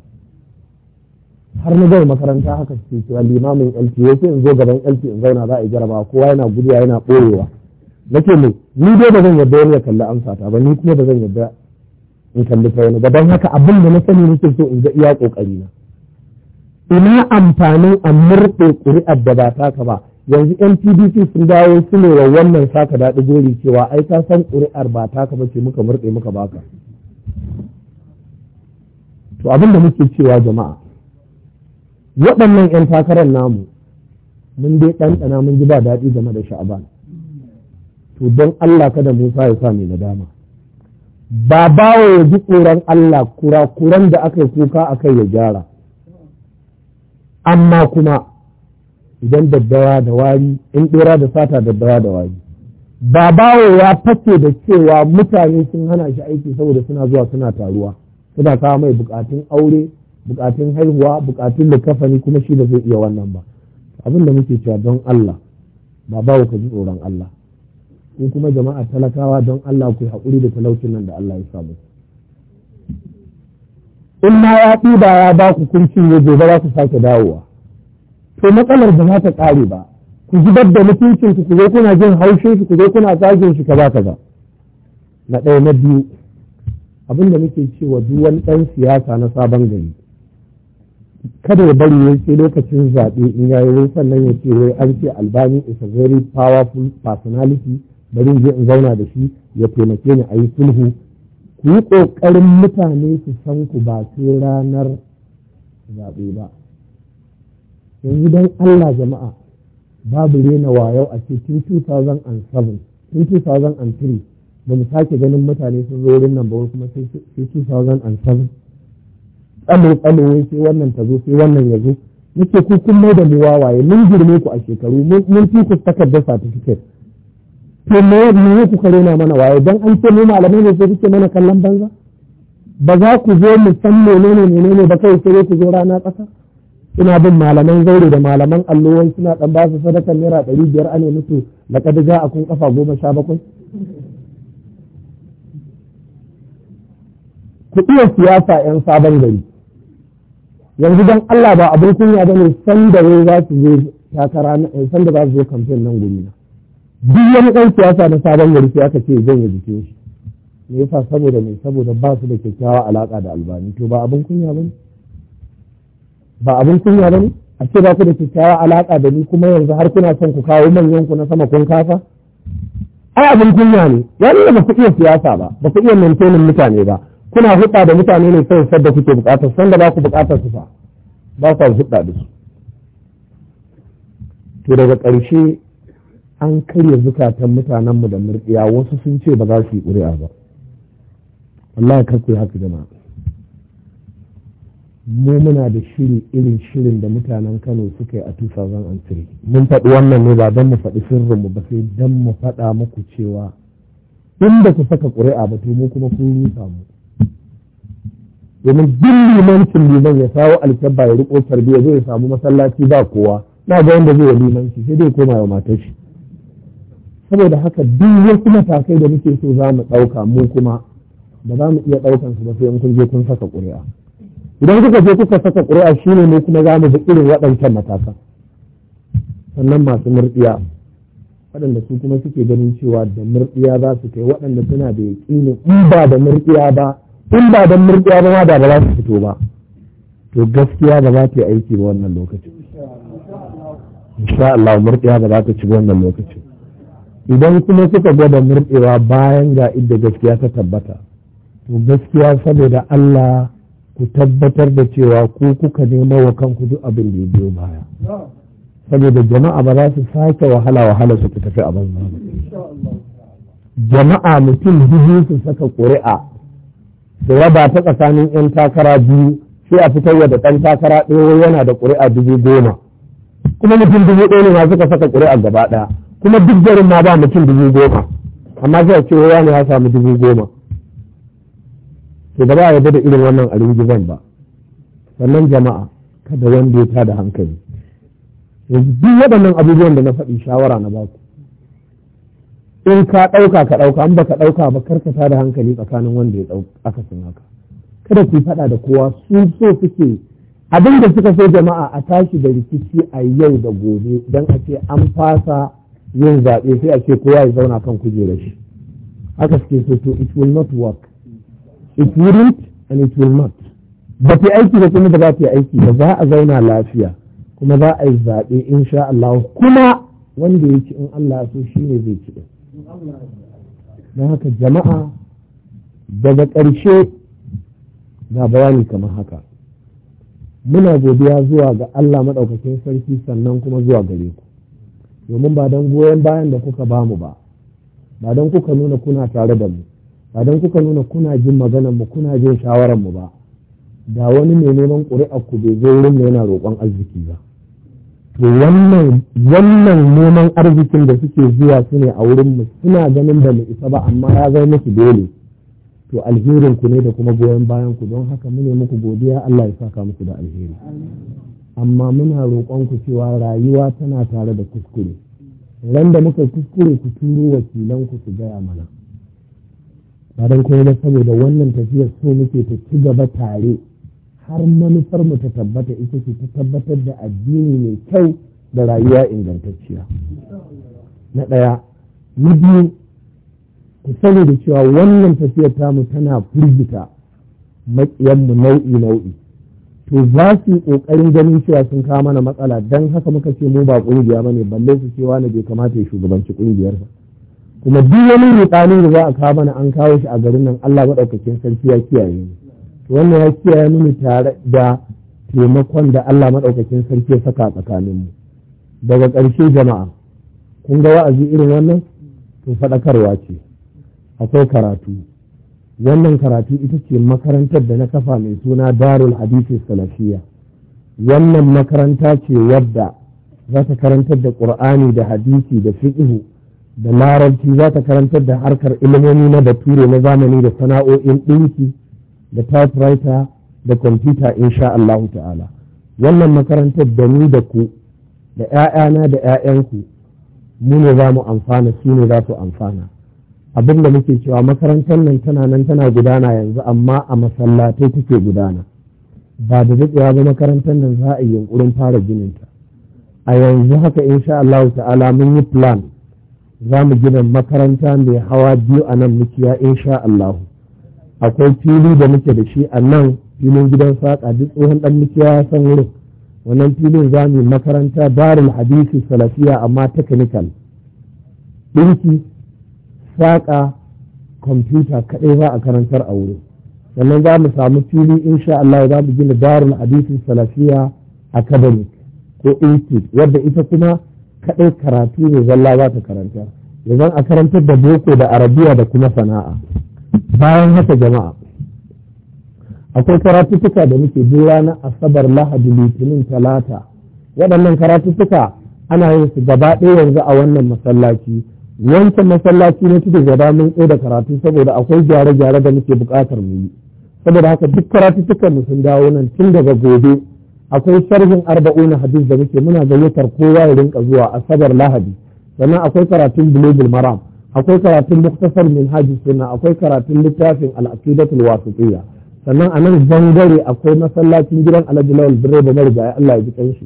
har na zai makaranta haka su wa limamin LT ya in zo gaban LT in zauna za a yi jarabawa kowa yana guduwa yana ɓoyewa na ce mai ni dai ba zan yadda wani ya kalli amsa ta ba ni kuma ba zan yadda in kalli ta wani ba haka abin da na sani nake so in ga iya ƙoƙari na ina amfanin a murɗe ƙuri'ar da ba taka ba yanzu NPDP sun dawo su ne wa wannan saka daɗi gori cewa ai ta san ƙuri'ar ba taka ba ce muka murɗe muka baka to abin da muke cewa jama'a waɗannan 'yan takarar namu mun dai ɗanɗana mun ji ba daɗi game da sha'aban to don Allah kada Musa ya sa mai nadama ba bawa ya ji tsoron Allah kura-kuran da aka yi kuka a kai ya gyara amma kuma idan daddawa da wari in ɗora da sata daddawa da wari ba bawa ya face da cewa mutane sun hana shi aiki saboda suna zuwa suna taruwa suna kawo mai bukatun aure bukatun haihuwa bukatun da kafani kuma shi ba zai iya wannan ba abin da muke cewa don Allah ba ba ka ji tsoron Allah ku kuma jama'a talakawa don Allah ku haƙuri da talaucin nan da Allah ya samu in ma ya ɗiba ya ba ku kun cinye gobe za ku sake dawowa to matsalar ba za ta ƙare ba ku zubar da mutuncin ku zo kuna jin haushin ku zo kuna zagin shi kaza kaza na ɗaya na biyu abinda muke cewa duk wani ɗan siyasa na sabon gari kada ya bari ya ce lokacin zaɓe in ya yi sannan ya ce wai an ce albani is a very powerful personality bari je in zauna da shi ya taimake ni a yi sulhu ku yi ƙoƙarin mutane su san ku ba sai ranar zaɓe ba yanzu don Allah jama'a babu rena wayau a ce tun 2007 tun 2003 ba mu sake ganin mutane sun zo wurin nan ba kuma sai 2007 tsalo tsalo sai wannan ta zo sai wannan ya zo nake ku kun mai da mu wawaye mun girme ku a shekaru mun fi ku takarda certificate to me ne ku kare na mana waye don an ce mu malamai ne sai kuke mana kallon banza ba za ku zo mu san menene menene ba kai sai ku zo rana tsaka ina bin malaman zaure da malaman allowai suna dan ba su sadakar naira ɗari biyar ane musu laƙad ja a kun kafa goma sha bakwai ku iya siyasa 'yan sabon gari yanzu don Allah ba abin kunya ba ne san da wai za su zo takara eh, san da za su zo kamfen nan guri na duk wani ɗan siyasa na sabon gari sai aka ce zan yi jikin shi me yasa saboda me saboda ba su da kyakkyawa alaka da albani to ba abin kunya ba ne ba abin kunya ba ne a ce ba ku da kyakkyawa alaka da ni kuma yanzu har kuna son ku kawo manyan ku na sama kun kafa ai abin kunya ne ya nuna ba ku iya siyasa ba ba ku iya maintaining mutane ba kuna hutsa da mutane ne sai sadda kuke bukatar sanda ba ku bukata su fa ba ku hutsa da su to daga ƙarshe an karya zukatan mutanenmu da murdiya wasu sun ce ba za su yi ƙuri'a ba wallahi kar ku yi haka jama'a mu muna da shiri irin shirin da mutanen Kano suka yi a 2003 mun faɗi wannan ne ba don mu faɗi sirrin mu ba sai don mu faɗa muku cewa tun ku saka ƙuri'a ba to mu kuma kun rusa mu domin duk limancin liman ya kawo alkyabba ya riko tarbiya zai samu masallaci ba kowa na ga wanda zai yi limanci sai dai koma wa matar shi saboda haka duk wasu matakai da muke so za mu ɗauka mu kuma ba za mu iya ɗaukan su ba sai kun je kun saka ƙuri'a idan kuka je kuka saka ƙuri'a shine ne kuma za mu bi irin waɗancan matakan sannan masu murɗiya waɗanda su kuma suke ganin cewa da murɗiya za su kai waɗanda suna da yaƙinin in ba da murɗiya ba in ba don murɗiya ba ma da ba za su fito ba to gaskiya ba za ta yi aiki ba wannan lokacin insha Allah murɗiya ba za ta ci wannan lokacin idan kuma suka gwada murɗewa bayan ga inda gaskiya ta tabbata to gaskiya saboda Allah ku tabbatar da cewa ku kuka nema wa kanku duk abin da ya biyo baya saboda jama'a ba za su sake wahala wahala su tafi a banza jama'a mutum dubu su saka ƙuri'a da raba ta tsakanin 'yan takara biyu sai a fitar da ɗan takara ɗaya yana da ƙuri'a dubu goma kuma mutum dubu ɗaya ne ma suka saka ƙuri'a gaba ɗaya kuma duk garin ma ba mutum dubu goma amma sai a ce waya ne ya samu dubu goma to ba a yarda da irin wannan aringizan ba sannan jama'a kada wanda ya tada hankali duk waɗannan abubuwan da na faɗi shawara na baku in ka ɗauka ka ɗauka in ka ɗauka ba karkata da hankali tsakanin wanda ya ɗauka akasin haka kada ku faɗa da kowa su so suke abin da suka so jama'a a tashi da rikici a yau da gobe don a ce an fasa yin zaɓe sai a ce kowa ya zauna kan kujerar shi haka suke so to it will not work it wouldn't and it will not ba ta aiki ba kuma da ba ta aiki ba za a zauna lafiya kuma za a yi zaɓe insha Allah kuma wanda ya ci in Allah so shi ne zai ci na haka jama'a daga ƙarshe na bayani kamar haka muna godiya zuwa ga Allah maɗaukacin sarki sannan kuma zuwa gare ku domin ba don goyon bayan da kuka ba mu ba ba don kuka nuna kuna tare da mu ba don kuka nuna kuna jin maganar mu kuna jin shawarar mu ba da wani mai neman ƙuri'ar ku bai zo wurin yana roƙon arziki ba wannan wannan neman arzikin da suke zuwa su ne a wurin mu suna ganin da mu isa ba amma ya zai musu dole to alherin ku ne da kuma goyon bayan ku don haka mune muku godiya Allah ya saka muku da alheri amma muna roƙon ku cewa rayuwa tana tare da kuskure ran da muka kuskure ku turo wakilan ku su gaya mana ba don kuma saboda wannan tafiyar so muke ta ci gaba tare har manufar mu ta tabbata ita ce ta tabbatar da addini mai kyau da rayuwa ingantacciya na ɗaya na biyu ku sani da cewa wannan tafiyar tamu tana firgita maƙiyanmu nau'i nau'i to za su ƙoƙarin ganin cewa sun kawo mana matsala don haka muka ce mu ba ƙungiya ba ne balle su cewa na bai kamata ya shugabanci ƙungiyar ba kuma duk wani rutsani da za a kawo mana an kawo shi a garin nan Allah maɗaukakin sarki ya kiyaye ne. wannan ya kiyaye mini tare da taimakon da Allah maɗaukakin sarki ya saka tsakaninmu daga ƙarshe jama'a kun ga wa'azi irin wannan to faɗakarwa ce akwai karatu wannan karatu ita ce makarantar da na kafa mai suna darul hadisi salafiya wannan makaranta ce wadda za ta karantar da ƙur'ani da hadisi da fiqhu da larabci za ta karantar da harkar ilimomi na bature na zamani da sana'o'in ɗinki da typewriter da kwamfuta insha Allah ta'ala wannan makarantar da ni da ku da 'ya'yana da 'ya'yanku mu ne za mu amfana su ne za su amfana abin da muke cewa makarantar nan tana nan tana gudana yanzu amma a masallatai take gudana ba da daɗewa ba makarantar nan za a yi yunkurin fara ginin ta. a yanzu haka insha Allah ta'ala mun yi plan za mu gina makaranta mai hawa biyu a nan mukiya insha allahu akwai fili da muke da shi a nan filin gidan saƙa duk tsohon ɗan mukiya ya san wurin wannan filin za mu yi makaranta barin hadisi salafiya amma technical ɗinki saƙa kwamfuta kaɗai za a karantar a wurin sannan za mu samu fili insha Allah za mu gina barin hadisi salafiya academic ko institute wadda ita kuma kaɗai karatu ne zalla za ta karanta yanzu a karantar da boko da arabiya da kuma sana'a bayan haka jama'a akwai karatuttuka da muke duk ranar asabar lahadi litinin talata waɗannan karatuttuka ana yin su gaba ɗaya yanzu a wannan masallaci wancan masallaci na cikin gaba mun tsaye da karatu saboda akwai gyare-gyare da muke buƙatar mu yi saboda haka duk karatuttukan mu sun dawo nan tun daga gobe akwai sharhin na hadis da muke muna gayyatar kowa ya rinka zuwa asabar lahadi sannan akwai karatun bulogul maram akwai karatun muktasar min haji suna akwai karatun littafin al'aqidatul wasitiyya sannan a nan bangare akwai masallacin gidan alhaji lawal direba marigaya Allah ya ji kanshi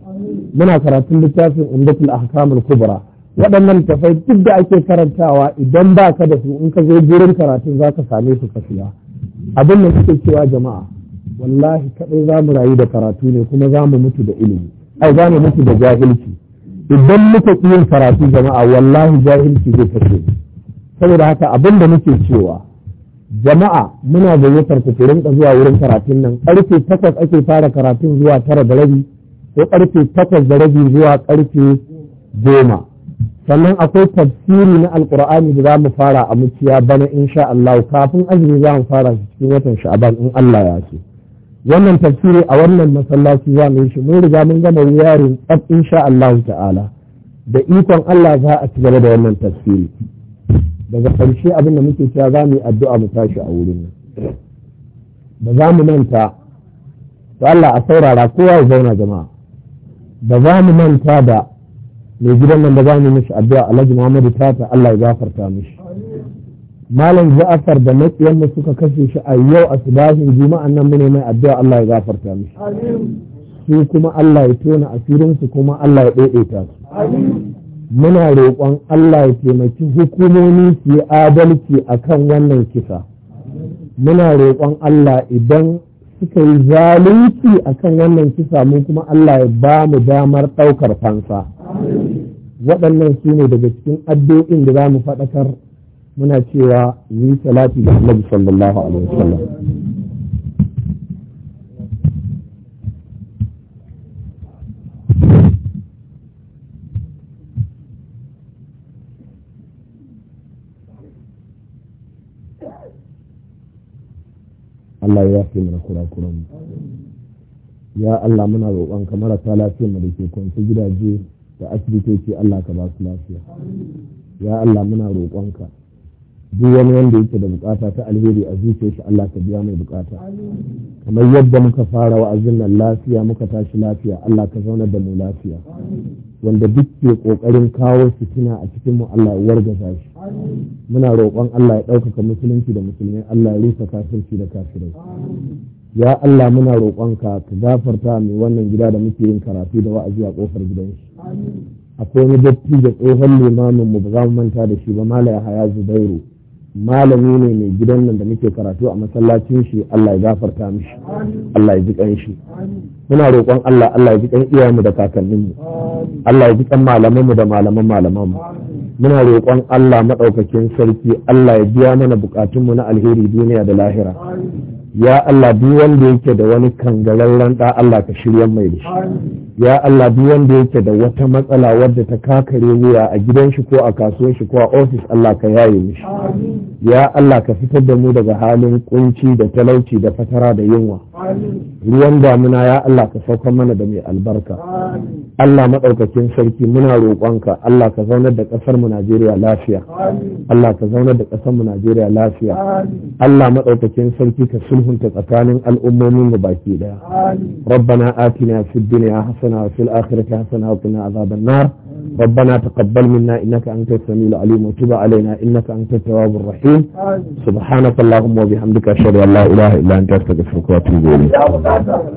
muna karatun littafin umdatul ahkamul kubra waɗannan tafai duk da ake karantawa idan ba ka da su in ka zo gurin karatun za ka same su ka siya abin da suke cewa jama'a wallahi kaɗai za mu rayu da karatu ne kuma za mu mutu da ilimi ai za mu mutu da jahilci idan muka yin karatu jama'a wallahi jahilci zai kashe mu saboda haka abin da muke cewa jama'a muna gayyatar ku da zuwa wurin karatun nan karfe takwas ake fara karatun zuwa tara da rabi ko karfe takwas da rabi zuwa karfe goma sannan akwai tafsiri na Alƙur'ani da za mu fara a muciya bana insha Allah kafin azumi za mu fara shi cikin watan sha'aban in Allah ya ce wannan tafsiri a wannan masallaci za mu yi shi mun riga mun gama yarin tsaf insha Allah ta'ala da ikon Allah za a ci gaba da wannan tafsiri daga ƙarshe abin da muke cewa za mu yi addu'a mu tashi a wurin nan ba za mu manta to Allah a saurara kowa ya zauna jama'a ba za mu manta da mai gidan nan da za mu mishi addu'a Alhaji Muhammadu Tata Allah ya gafarta mishi Malam Ja'far da matsiyan mu suka kashe shi a yau a subahin juma'an nan mu ne mai addu'a Allah ya gafarta mishi su kuma Allah ya tona asirin su kuma Allah ya daidaita su muna roƙon Allah ya taimaki hukumomi su yi adalci a kan wannan kisa muna roƙon Allah idan suka yi zalunci a kan wannan kisa mun kuma Allah ya ba mu damar ɗaukar fansa waɗannan su ne daga cikin addu'o'in da za mu faɗakar muna cewa yi salati da Allah sallallahu Allah ya fi mana kurakuran ya Allah muna roƙon ka marasa lafiyar mu da ke kwanci gidaje da asibitoci Allah ka ba su lafiya ya Allah muna roƙon ka duk wani wanda yake da bukata ta alheri a shi Allah ka biya mai bukata kamar yadda muka fara wa'azin nan lafiya muka tashi lafiya Allah ka zauna da mu lafiya wanda duk ke kokarin kawo suna a cikin mu Allah ya warga shi muna roƙon Allah ya ɗaukaka musulunci da musulmai Allah ya rusa kafirci da kafirai ya Allah muna roƙonka ka gafarta mai wannan gida da muke yin karatu da wa'azi a ƙofar gidan shi akwai wani dattijo tsohon limamin mu ba za mu manta da shi ba malaya haya zubairu malami ne mai gidan nan da muke karatu a masallacin shi Allah ya gafarta mishi Allah ya ji kan shi muna roƙon Allah Allah ya ji kan iyayenmu da kakanninmu Allah ya ji kan malamanmu da malaman malamanmu muna roƙon Allah maɗaukacin sarki Allah ya biya mana bukatunmu na alheri duniya da lahira ya Allah duk wanda yake da wani kangalallen da Allah ka shirya mai da shi ya Allah duk wanda yake da wata matsala wadda ta kakare wuya a gidan shi ko a kasuwar shi ko a ofis Allah ka yaye mishi ya Allah ka fitar da mu daga halin kunci da talauci da fatara da yunwa ruwan damuna ya Allah ka saukar mana da mai albarka Allah maɗaukakin sarki muna roƙonka Allah ka zaunar da ƙasar mu Najeriya lafiya Allah ka zaunar da ƙasar mu Najeriya lafiya Allah maɗaukakin sarki ka sulhu sulhunta tsakanin al'ummomin mu baki daya rabbana atina fid dunya hasana wa fil akhirati hasana wa qina azaban nar ربنا تقبل منا انك انت السميع العليم وتب علينا انك انت التواب الرحيم سبحانك اللهم وبحمدك اشهد ان لا اله الا انت استغفرك واتوب اليك